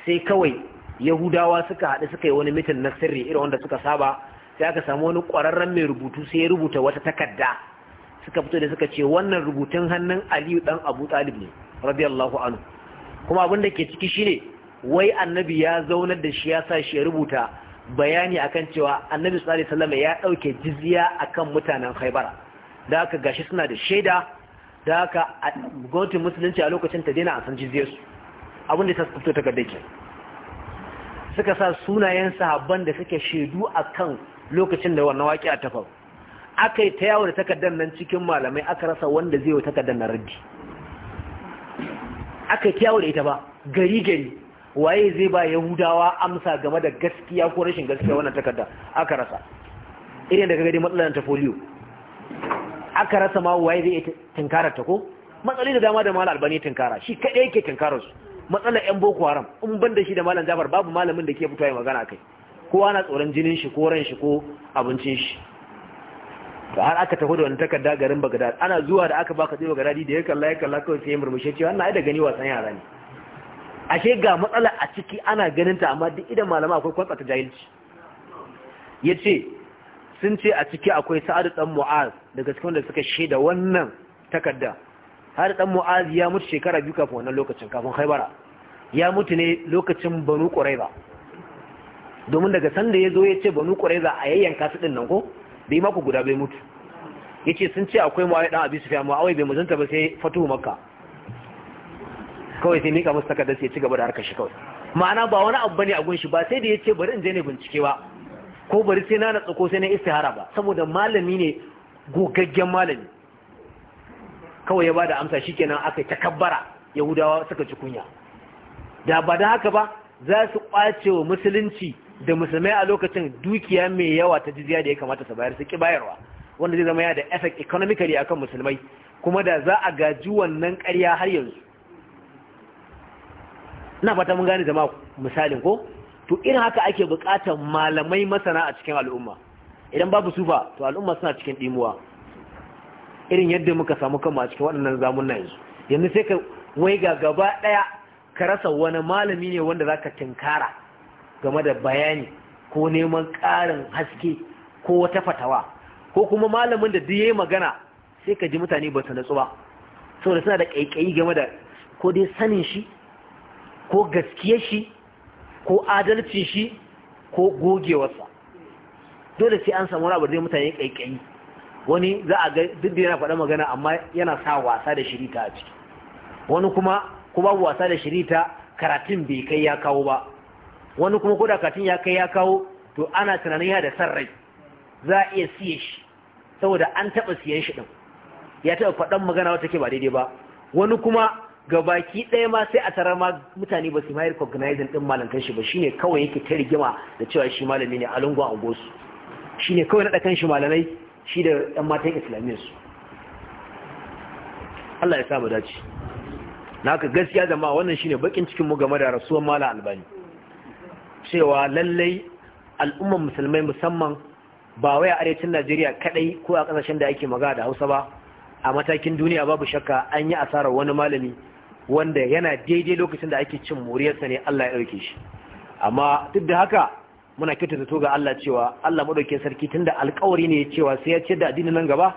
sai kawai Yahudawa suka haɗu suka yi wani mitin na sirri irin wanda suka saba sai aka samu wani ƙwararren mai rubutu sai ya rubuta wata takarda suka fito da suka ce wannan rubutun hannun aliyu dan abu talib ne radiyallahu anhu kuma abin da ke ciki shine wai annabi ya zaunar da shi ya sa shi ya rubuta bayani akan cewa annabi sallallahu alaihi wasallam ya dauke jizya akan mutanen haibara, da haka gashi suna da shaida da haka gwamnatin musulunci a lokacin ta daina a san su abin da ta fito takardar suka sa sunayen sahabban da suke shaidu akan lokacin da wannan waƙi a tafau, aka yi ta yawo da takardar nan cikin malamai aka rasa wanda zai yi takardar na raddi aka yi ta yawo da ita ba gari gari waye zai ba yahudawa amsa game da gaskiya ko rashin gaskiya wannan takarda aka rasa irin da ka matsalar ta folio aka rasa ma waye zai tinkarar ta ko matsaloli da dama da mal albani tinkara. shi kaɗai yake tinkararsu matsalar yan boko haram in ban da shi da malam jafar babu malamin da ke fitowa magana kai kowa na tsoron jinin shi ko ran shi ko abincin shi Ba har aka tafi da wani takarda garin bagadad ana zuwa da aka baka tsaye bagadadi da ya kalla ya kalla kawai sai ya murmushe cewa ana da gani wasan yara ne ashe ga matsala a ciki ana ganin ta amma duk idan malama akwai kwatsa ta jahilci Ya ce sun ce a ciki akwai sa'adu dan Mu'az daga cikin wanda suka shaida wannan takarda har dan Mu'az ya mutu shekara biyu kafin wannan lokacin kafin khaybara ya mutu ne lokacin Banu Quraiba domin daga sanda ya zo ya ce banu za a yayyanka su ɗin nan ko bai mako guda bai mutu ya ce sun ce akwai mawai ɗan abisu fiya mawai bai mutunta ba sai fatu maka. kawai sai nika musu takardar sai ci gaba da harkar shi kawai ma'ana ba wani abu bane a gunshi ba sai da ya ce bari in je ne bincike ba ko bari sai na natsa ko sai na istihara ba saboda malami ne gogaggen malami kawai ya bada amsa shi shikenan aka ta takabbara yahudawa suka ci kunya da ba da haka ba za su kwace wa musulunci da musulmai a lokacin dukiya mai yawa ta jizya da ya kamata su bayar su ki bayarwa wanda zai zama ya da effect economically akan musulmai kuma da za a gaji wannan karya har yanzu na fata mun gane zama misalin ko to irin haka ake buƙatar malamai masana a cikin al'umma idan babu sufa to al'umma suna cikin dimuwa irin yadda muka samu kanmu a cikin waɗannan zamun yanzu yanzu sai ka wai ga gaba ɗaya ka rasa wani malami ne wanda za ka tinkara game da bayani ko neman ƙarin haske ko wata fatawa ko kuma malamin da duk yayi magana sai ka ji mutane ba su natsu ba saboda suna da ƙaiƙayi game da ko dai sanin shi ko gaskiyar shi ko adalcin shi ko gogewarsa dole sai an samu rabar zai mutane ƙaiƙayi wani za a ga duk da yana faɗa magana amma yana sa wasa da shirita a ciki wani kuma ko babu wasa da shirita karatun bai kai ya kawo ba wani kuma koda katin ya kai ya kawo to ana tunanin ya da san rai za a iya siye shi saboda an taɓa siyan shi ɗin ya taɓa fadan magana wata ke ba daidai ba wani kuma ga baki ɗaya ma sai a tarar ma mutane ba su ma recognizing ɗin malankan shi ba shine kawai yake ta rigima da cewa shi malami ne a lungun gosu shine kawai na kan shi malamai shi da ɗan matan islamiyyar su Allah ya sa mu dace na haka gaskiya jama'a wannan shine bakin cikin mu game da rasuwar mala albani cewa lallai al'ummar musulmai musamman ba wai a arewacin Najeriya kadai ko a kasashen da ake magana da Hausa ba a matakin duniya babu shakka an yi asarar wani malami wanda yana daidai lokacin da ake cin moriyarsa ne Allah ya ɗauke shi amma duk da haka muna kyautata to ga Allah cewa Allah madaukakin sarki tunda alkawari ne cewa sai ya ciyar da addinin nan gaba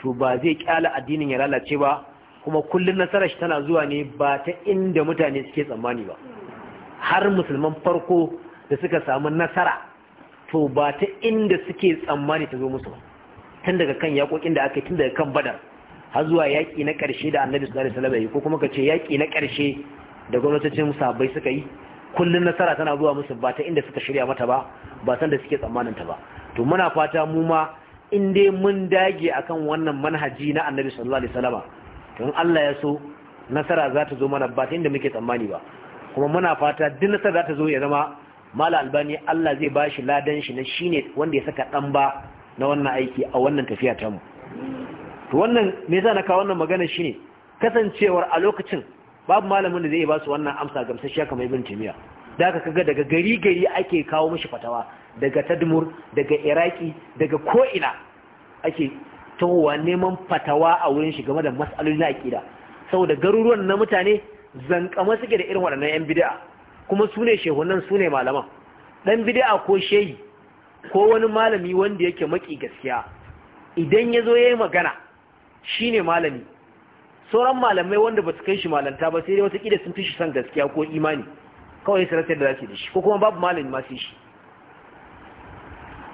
to ba zai kyala addinin ya lalace ba kuma kullum nasarar shi tana zuwa ne ba ta inda mutane suke tsammani ba har musulman farko da suka samu nasara to ba ta inda suke tsammani ta zo musu tun daga kan yaƙoƙin da aka yi tun daga kan badar har zuwa yaƙi na ƙarshe da annabi sallallahu alaihi wasallam ko kuma kace yaƙi na ƙarshe da gwamnatocin sahabbai suka yi kullun nasara tana zuwa musu ba ta inda suka shirya mata ba ba san da suke tsammanin ta ba to muna fata mu ma in dai mun dage akan wannan manhaji na annabi sallallahu alaihi wasallam to in Allah ya so nasara za ta zo mana ba ta inda muke tsammani ba kuma muna fata duk nasar da ta zo ya zama mala albani Allah zai bashi ladan shi na shine wanda ya saka dan ba na wannan aiki a wannan tafiya ta mu to wannan me yasa na kawo wannan magana shine kasancewar a lokacin babu malamin da zai ba su wannan amsa gamsasshiya kamar ibn timiya da aka kaga daga gari gari ake kawo mishi fatawa daga tadmur daga iraki daga ko ina ake tahowa neman fatawa a wurin shi game da mas'alolin aqida saboda garuruwan na mutane zankama suke da irin waɗannan 'yan bid'a kuma su ne shehunan su ne malaman ɗan bidi'a ko shehi ko wani malami wanda yake maki gaskiya idan ya zo ya yi magana shi ne malami sauran malamai wanda ba su kai shi malanta ba sai dai watakila sun fi shi son gaskiya ko imani kawai su rasa yadda za su da shi ko kuma babu malami ma su shi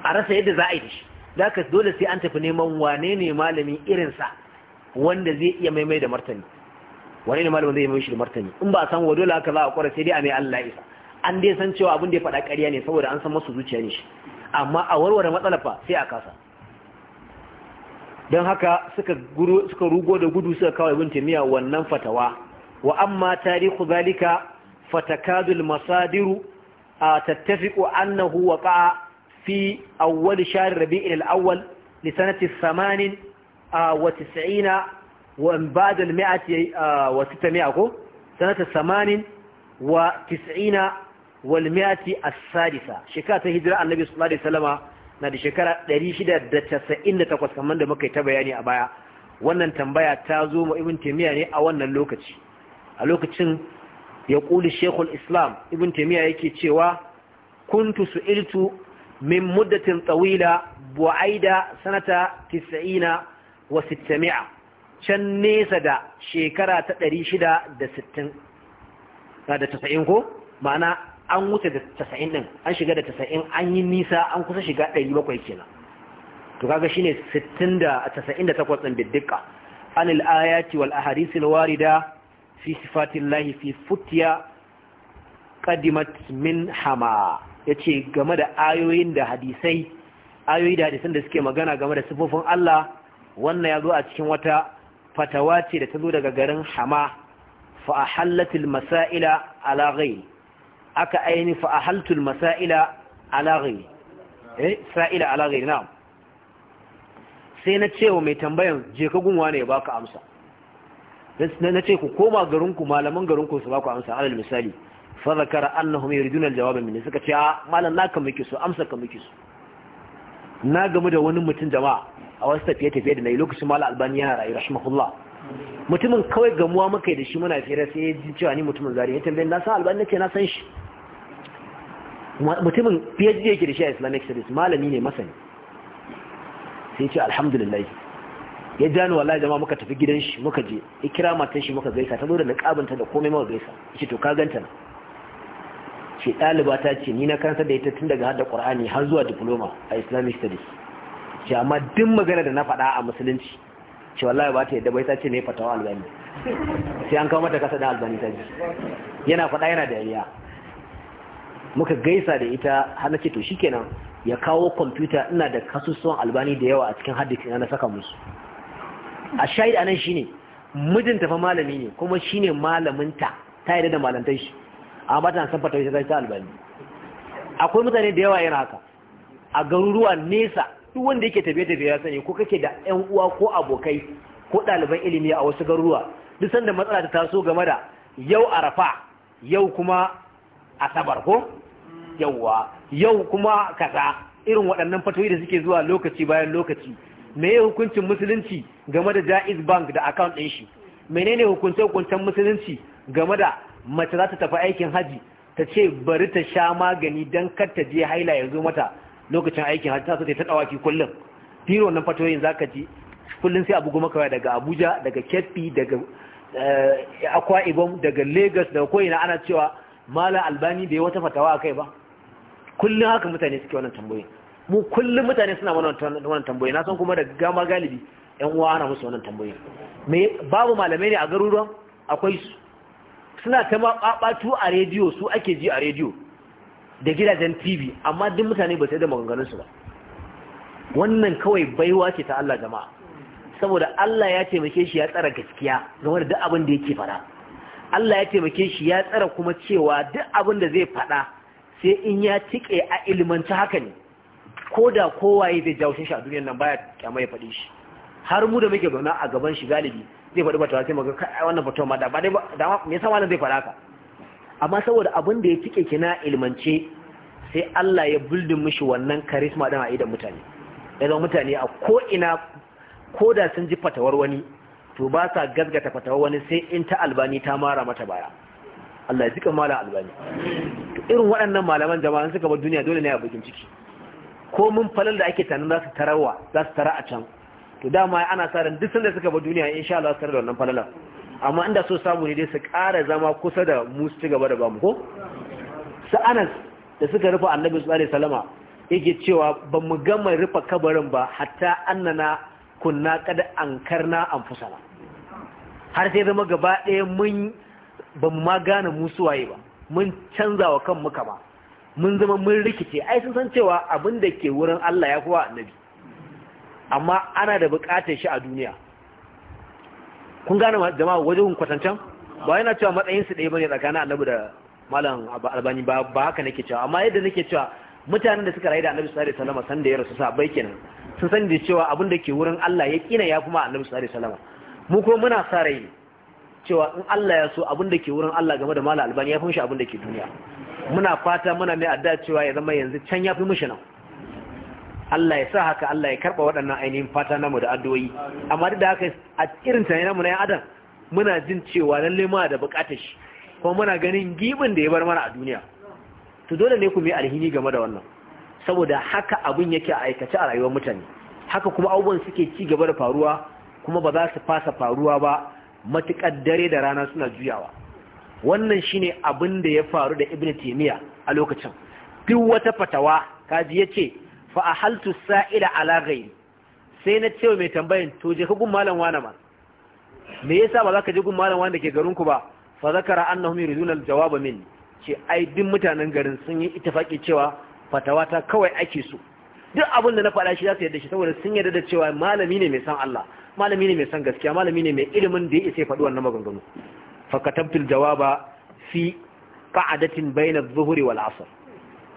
a rasa yadda za a yi da shi da dole sai an tafi neman wane ne malami irinsa wanda zai iya maimai da martani wani ne malamin zai yi mishi martani in ba a san wadola haka za a kwara sai dai a mai Allah isa an dai san cewa abin da ya faɗa ƙarya ne saboda an san masu zuciya ne shi amma a warware matsalar fa sai a kasa don haka suka suka rugo da gudu suka kawo ibn taymiya wannan fatawa wa amma tarihu zalika fatakadu Masadiru masadiru tattafiqu annahu waqa'a fi awwal shahr rabi'il al-awwal li sanati 98 بعد المئة وستمائة سنة ثمان وتسعين والمئة السادسة شكاة هجرة النبي صلى الله عليه وسلم na da shekara 698 kamar da muka yi ta bayani a baya wannan tambaya ta zo ma ibn taymiya ne a wannan lokaci a lokacin ya kuli shekul islam ibn taymiya yake cewa kuntu su'iltu min muddatin tsawila bu'aida sanata 90 wa can nesa da shekara ta ɗari shida da sittin da tasa'in ko ma'ana an wuce da tasa'in ɗin an shiga da tasa'in an yi nisa an kusa shiga ɗari bakwai kenan to kaga shine sittin da tasa'in da takwas ɗin biddika an al'ayati wal ahadisi warida fi sifatillahi fi futiya qadimat min hama yace game da ayoyin da hadisai ayoyi da hadisan da suke magana game da sifofin Allah wannan ya zo a cikin wata fatawa ce da ta zo daga garin hama fa'ahallatul masa'ila ala aka aini fa'ahaltul masa'ila ala eh sa'ila ala ghairi na'am sai na ce wa mai tambayan je ka gunwa ne ba ka amsa na ce ku koma garinku malaman garinku su baku amsa alal misali fa zakara annahum yuriduna aljawab min suka ce a malam na kan muke amsa kan muke su na gamu da wani mutum jama'a a wasu tafiye-tafiye da na yi lokacin mala albani yana rayu rahimahullah mutumin kawai gamuwa muka yi da shi muna fira sai ya ji cewa ni mutumin zari ya tambayi na san albani nake na san shi mutumin PhD yake da shi a Islamic Studies malami ne masani sai ce alhamdulillah ya jani wallahi jama'a muka tafi gidan shi muka je ikira matan shi muka gaisa ta zo da kabinta da komai mawa gaisa yace to ka ganta na ce ɗaliba ta ce ni na kansa da ita tun daga hada Qur'ani har zuwa diploma a Islamic Studies ce amma duk magana da na fada a musulunci ce wallahi ba ta yadda bai ta ne fatawa albani sai an kawo mata kasa da albani ta ji yana faɗa yana dariya muka gaisa da ita har nake to shikenan ya kawo kwamfuta ina da kasusuwan albani da yawa a cikin haddikin na saka musu a shahid anan shine mijinta fa malami ne kuma shine malaminta ta yarda da malantar shi amma ta san fatawa ta albani akwai mutane da yawa yana haka a garuruwa nesa duk wanda yake tafiye da ya sani ko kake da ƴan uwa ko abokai ko ɗaliban ilimi a wasu garuruwa duk sanda matsala ta taso game da yau arafa yau kuma asabar ko yauwa yau kuma kaza irin waɗannan fatoyi da suke zuwa lokaci bayan lokaci me ya hukuncin musulunci game da jaiz bank da account ɗin shi menene hukuncin hukuncin musulunci game da mace za ta tafi aikin haji ta ce bari ta sha magani don kar ta je haila ya zo mata lokacin aikin hajji su ta dawaki kullum tiro wannan fatoyin zaka ji kullum sai abu goma kawai daga Abuja daga Kebbi daga eh, Akwa Ibom daga Lagos daga koyina ana cewa Mala Albani bai wata fatawa akai ba kullum haka mutane suke wannan tambayoyin mu kullum mutane suna wannan tambayoyi na san kuma da gama galibi yan uwa ana musu wannan tambayoyi me babu malamai ne a garuruwan akwai su suna ta babatu a rediyo su ake ji a rediyo da gidajen tv amma duk mutane ba su da maganganunsu ba wannan kawai baiwa ce ta Allah jama'a saboda Allah ya taimake shi ya tsara gaskiya game da duk abin da yake fara Allah ya taimake shi ya tsara kuma cewa duk abin da zai fada sai in ya tike a ta haka ne ko da kowaye zai jawo shi a duniyar nan baya kyamai faɗi shi har mu da muke zauna a gaban shi galibi zai faɗi bata sai maga wannan fatuwa ma da ba dai ba, da me yasa wannan zai faɗa ka amma saboda abin da ya cike kina na ilmance sai Allah ya buldin mishi wannan karisma din a idan mutane ya zama mutane a ko ina ko da sun ji fatawar wani to ba sa gazgata fatawar wani sai in ta albani ta mara mata baya Allah ya zika mala albani to irin waɗannan malaman jama'a suka bar duniya dole ne a bugin ciki ko mun falal da ake tanin za su tarawa za su tara a can to dama ana sa ran duk sanda suka bar duniya insha Allah su tare da wannan falalar amma inda so samu ne dai su ƙara zama kusa da mu su ci gaba da bamu ko Sa'anas da suka rufe annabi sallallahu alaihi wasallama yake cewa ba mu gama rufe kabarin ba hatta annana kunna kada an karna an fusala har sai zama gaba ɗaya mun ba mu ma gane waye ba mun canza wa kan muka ba, mun zama mun rikice ai sun san cewa abin da ke wurin Allah ya kuwa annabi amma ana da buƙatar shi a duniya kun gane jama'a wajen kwatancan ba yana cewa matsayin su ɗaya bane tsakanin annabi da malam albani ba haka nake cewa amma yadda nake cewa mutanen da suka rayu da annabi sallallahu alaihi wasallam san da ya rasu bai kenan sun san da cewa abin da ke wurin Allah ya kina ya kuma annabi sallallahu alaihi wasallam mu ko muna sa rai cewa in Allah ya so abin da ke wurin Allah game da malam albani ya fi mishi abin da ke duniya muna fata muna mai addu'a cewa ya zama yanzu can ya fi mushi nan Allah ya sa haka Allah ya karɓa waɗannan ainihin fata namu da addu'o'i amma duk da haka a irin tunanin namu na yan adam muna jin cewa lalle ma da buƙatar shi kuma muna ganin gibin da ya bar mana a duniya to dole ne ku yi alhini game da wannan saboda haka abin yake a aikace a rayuwar mutane haka kuma abubuwan suke ci gaba da faruwa kuma ba za su fasa faruwa ba matuƙar dare da rana suna juyawa wannan shine abin da ya faru da ibn taymiya a lokacin duk wata fatawa kaji yace fa a ahaltu sa'ila ala ghairi sai na cewa mai tambayin to je ka gun malam wane ma me yasa ba za ka je gun malam wane da ke garin ku ba fa zakara annahum rizunan jawaba min ce ai bin mutanen garin sun yi ittifaki cewa fatawa ta kawai ake so duk abin da na faɗa shi za su yadda shi saboda sun yarda da cewa malami ne mai san Allah malami ne mai san gaskiya malami ne mai ilimin da ya isa faɗi wannan maganganu fa katabtul jawaba fi qa'adatin bayna adh-dhuhri wal 'asr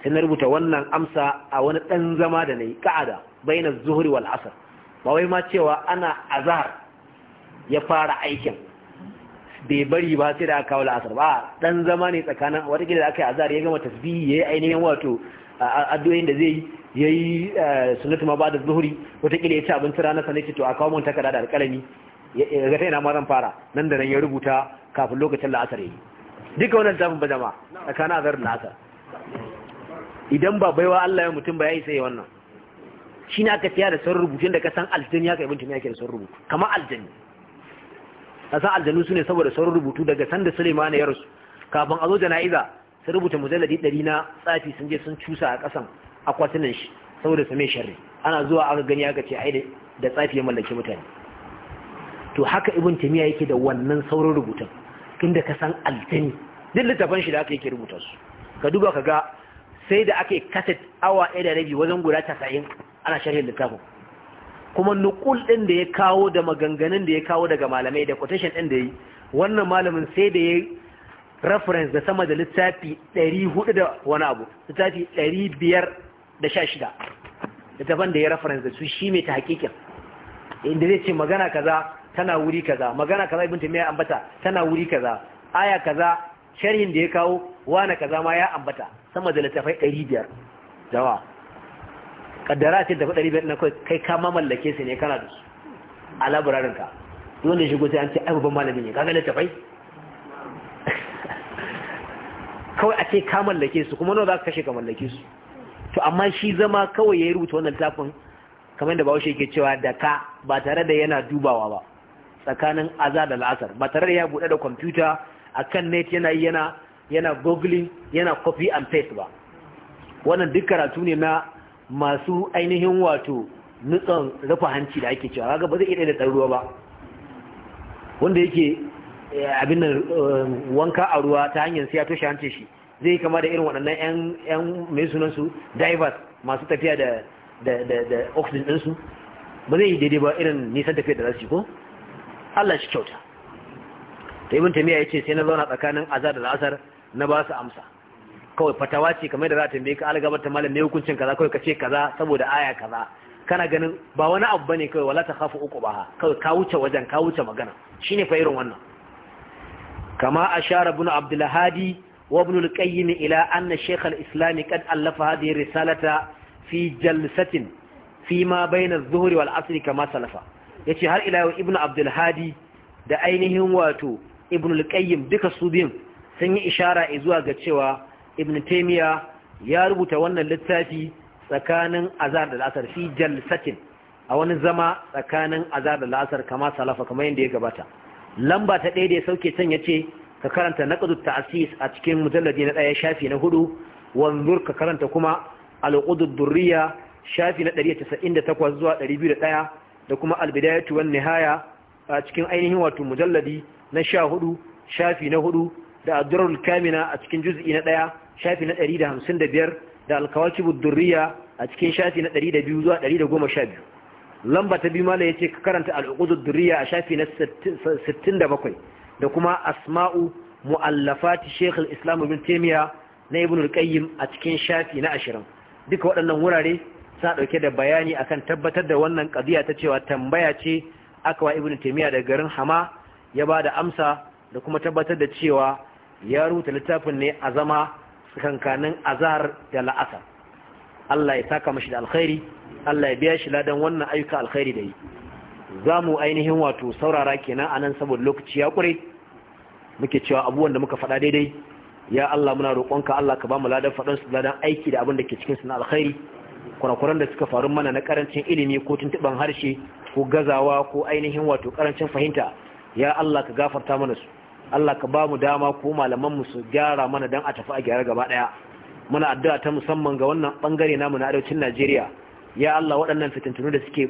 sai na rubuta wannan amsa a wani ɗan zama da na yi ka'ada baina zuhuri wal asar ba wai ma cewa ana azhar ya fara aikin bai bari ba sai da aka kawo la'asar ba ɗan zama ne tsakanin watakila da aka yi azhar ya gama tasbihi ya yi ainihin wato addu'o'in da zai yi ya yi eh, sunatu ma ba da zuhuri watakila ya ci abinci ranar sanai ce to a kawo mun takarda da alƙalami ga ta yana ma fara nan da nan ya rubuta kafin lokacin la'asar ya yi duka wannan zafin ba jama'a tsakanin azhar da la'asar idan ba baiwa Allah ya mutum ba ya isa ya wannan shi ne aka da san rubutun da ka san aljani ya ka ibin ya ke da san rubutu kamar aljani ka san aljanu su ne saboda san rubutu daga sanda suleiman ya rasu kafin a zo jana'iza su rubuta mujalladi ɗari na tsafi sun je sun cusa a ƙasan akwatunan shi saboda su mai sharri ana zuwa aka gani aka ce ai da tsafi ya mallaki mutane to haka ibin tumi yake da wannan sauran rubutun tunda ka san aljani duk littafan shi da aka yake rubuta su ka duba ka ga sai da aka kasa kaset awa ɗaya da rabi wajen guda casa'in, ana sharhin littafin kuma nukul ɗin da ya kawo da maganganun da ya kawo daga malamai da quotation ɗin da yi wannan malamin sai da ya reference da sama da littafi 400 da wani abu littafi 516 littafin da ya reference da su shi mai ta hakikin inda zai ce magana kaza tana wuri kaza magana kaza ibn taymiya ambata tana wuri kaza aya kaza sharhin da ya kawo wani kaza ma ya ambata sama da littafai ɗari biyar wa kaddara ce tafi ɗari biyar na kai ka ma mallake su ne kana da su a labirarin ka duk da shigo sai an ce ai babban malami ne kaga littafai kawai a ce ka mallake su kuma nawa za ka kashe ka mallake su to amma shi zama kawai ya yi rubuta wannan littafin kamar da bahaushe ke cewa da ka ba tare da yana dubawa ba tsakanin aza da la'asar ba tare da ya buɗe da kwamfuta a kan net yana yi yana yana googling yana copy and paste ba wannan duk karatu ne na masu ainihin wato nutsan rufe hanci da ake cewa ga ba zai iya da ruwa ba wanda yake eh, abin nan eh, wanka a ruwa ta hanyar sai ya toshe shi zai kama da irin waɗannan yan mai sunansu su divers masu tafiya da oxygen din su ba zai yi daidai ba irin nisan tafiya da rasu ko Allah shi kyauta ta ibn tamiya yace sai na zauna tsakanin azar da asar na ba su amsa kawai fatawa ce kamar da za ta tambaye ka algabar ta malam ne hukuncin kaza kawai ka ce kaza saboda aya kaza kana ganin ba wani abu bane kawai wala ta khafu uku baha. kawai ka wuce wajen ka wuce magana shine fa irin wannan kama ashara ibn abdul hadi wa ibn al qayyim ila anna shaykh al islam qad allafa hadhihi risalata fi jalsatin fi ma bayna adh-dhuhri wal asr kama salafa yace har ila ibn abdul hadi da ainihin wato ibn al qayyim duka su biyun sun yi ishara zuwa ga cewa ibn taymiya ya rubuta wannan littafi tsakanin azar da la'asar fi jalsatin a wani zama tsakanin azar da la'asar kama salafa kamar yadda ya gabata lamba ta ɗaya da ya sauke can ya ce ka karanta naqdut ta'sis a cikin mujalladi na ɗaya shafi na hudu wanzur ka karanta kuma al-qudud durriya shafi na ɗari da takwas zuwa ɗari biyu da ɗaya, da kuma albidayatu wani nihaya a cikin ainihin wato mujalladi na sha hudu shafi na hudu da adurul kamina a cikin juz'i na ɗaya shafi na ɗari da hamsin da alkawakibu durriya a cikin shafi na ɗari zuwa ɗari lamba ta biyu mala ya ce ka karanta al'ukudu durriya a shafi na sittin da da kuma asma'u mu'allafati al islam ibn taymiya na ibn al-qayyim a cikin shafi na ashirin duka waɗannan wurare sa dauke da bayani akan tabbatar da wannan qadiya ta cewa tambaya ce aka wa ibn taimiya daga garin hama ya ba da amsa da kuma tabbatar da cewa ya rubuta littafin ne a zama tsakankanin azhar da la'asar Allah ya saka mashi da alkhairi Allah ya biya shi ladan wannan ayyuka alkhairi da yi za mu ainihin wato saurara kenan a nan saboda lokaci ya ƙure muke cewa abubuwan da muka faɗa daidai ya Allah muna roƙonka Allah ka ba mu ladan faɗan su ladan aiki da abin da ke cikin su na alkhairi kurakuran da suka faru mana na karancin ilimi ko tuntuban harshe ko gazawa ko ainihin wato karancin fahimta ya Allah ka gafarta mana su Allah ka ba mu dama ko malaman mu su gyara mana dan a tafi a gyara gaba daya muna addu'a ta musamman ga wannan bangare namu na arewacin Najeriya ya Allah waɗannan fitintunu da suke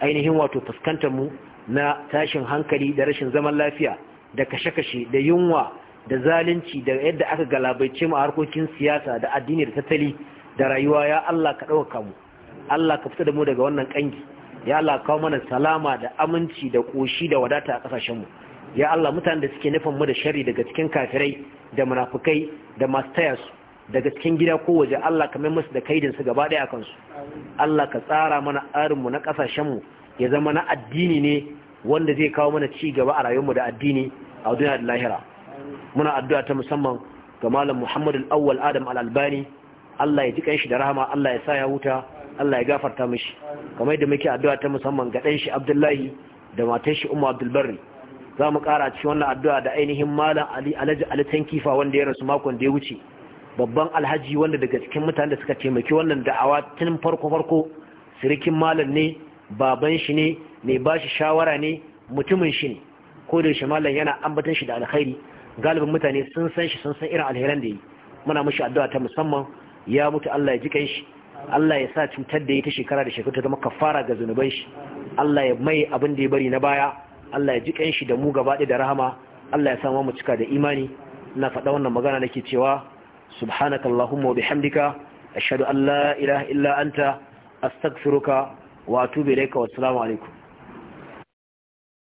ainihin wato fuskantar mu na tashin hankali da rashin zaman lafiya da kashe-kashe da yunwa da zalunci da yadda aka galabaice mu a harkokin siyasa da addini da tattali da rayuwa ya Allah ka ɗauka mu Allah ka fita da mu daga wannan kangi ya Allah kawo mana salama da aminci da ƙoshi da wadata a mu. ya Allah mutanen da suke nufin mu da shari daga cikin kafirai da munafukai da masu taya su daga cikin gida ko waje Allah ka mai musu da kaidin su gaba daya kansu Allah ka tsara mana tsarin na kasashen mu ya zama na addini ne wanda zai kawo mana ci gaba a rayuwar da addini a duniya da lahira muna addu'a ta musamman ga malam Muhammad al-Awwal Adam al-Albani Allah ya ji kanshi da rahama Allah ya sa ya huta Allah ya gafarta mishi kamar yadda muke addu'a ta musamman ga ɗan shi Abdullahi da matar shi Umma Abdul Barri za mu kara ci wannan addu'a da ainihin malam ali alhaji ali tankifa wanda ya rasu makon da ya wuce babban alhaji wanda daga cikin mutanen da suka taimaki wannan da'awa tun farko farko sirikin malam ne baban shi ne mai bashi shawara ne mutumin shi ne ko da shi malam yana ambatan shi da alkhairi galibin mutane sun san shi sun san irin alheran da yi muna mushi addu'a ta musamman ya mutu Allah ya ji kan shi Allah ya sa cutar da ya ta shekara da shekaru ta zama kafara ga zunuban shi Allah ya mai abin da ya bari na baya Allah ya ji kanshi da mu gaba da rahama Allah ya sa mu cika da imani na faɗa wannan magana nake cewa subhanaka allahumma wa bihamdika ashhadu an la ilaha illa anta astaghfiruka wa atubu ilayka wa assalamu alaikum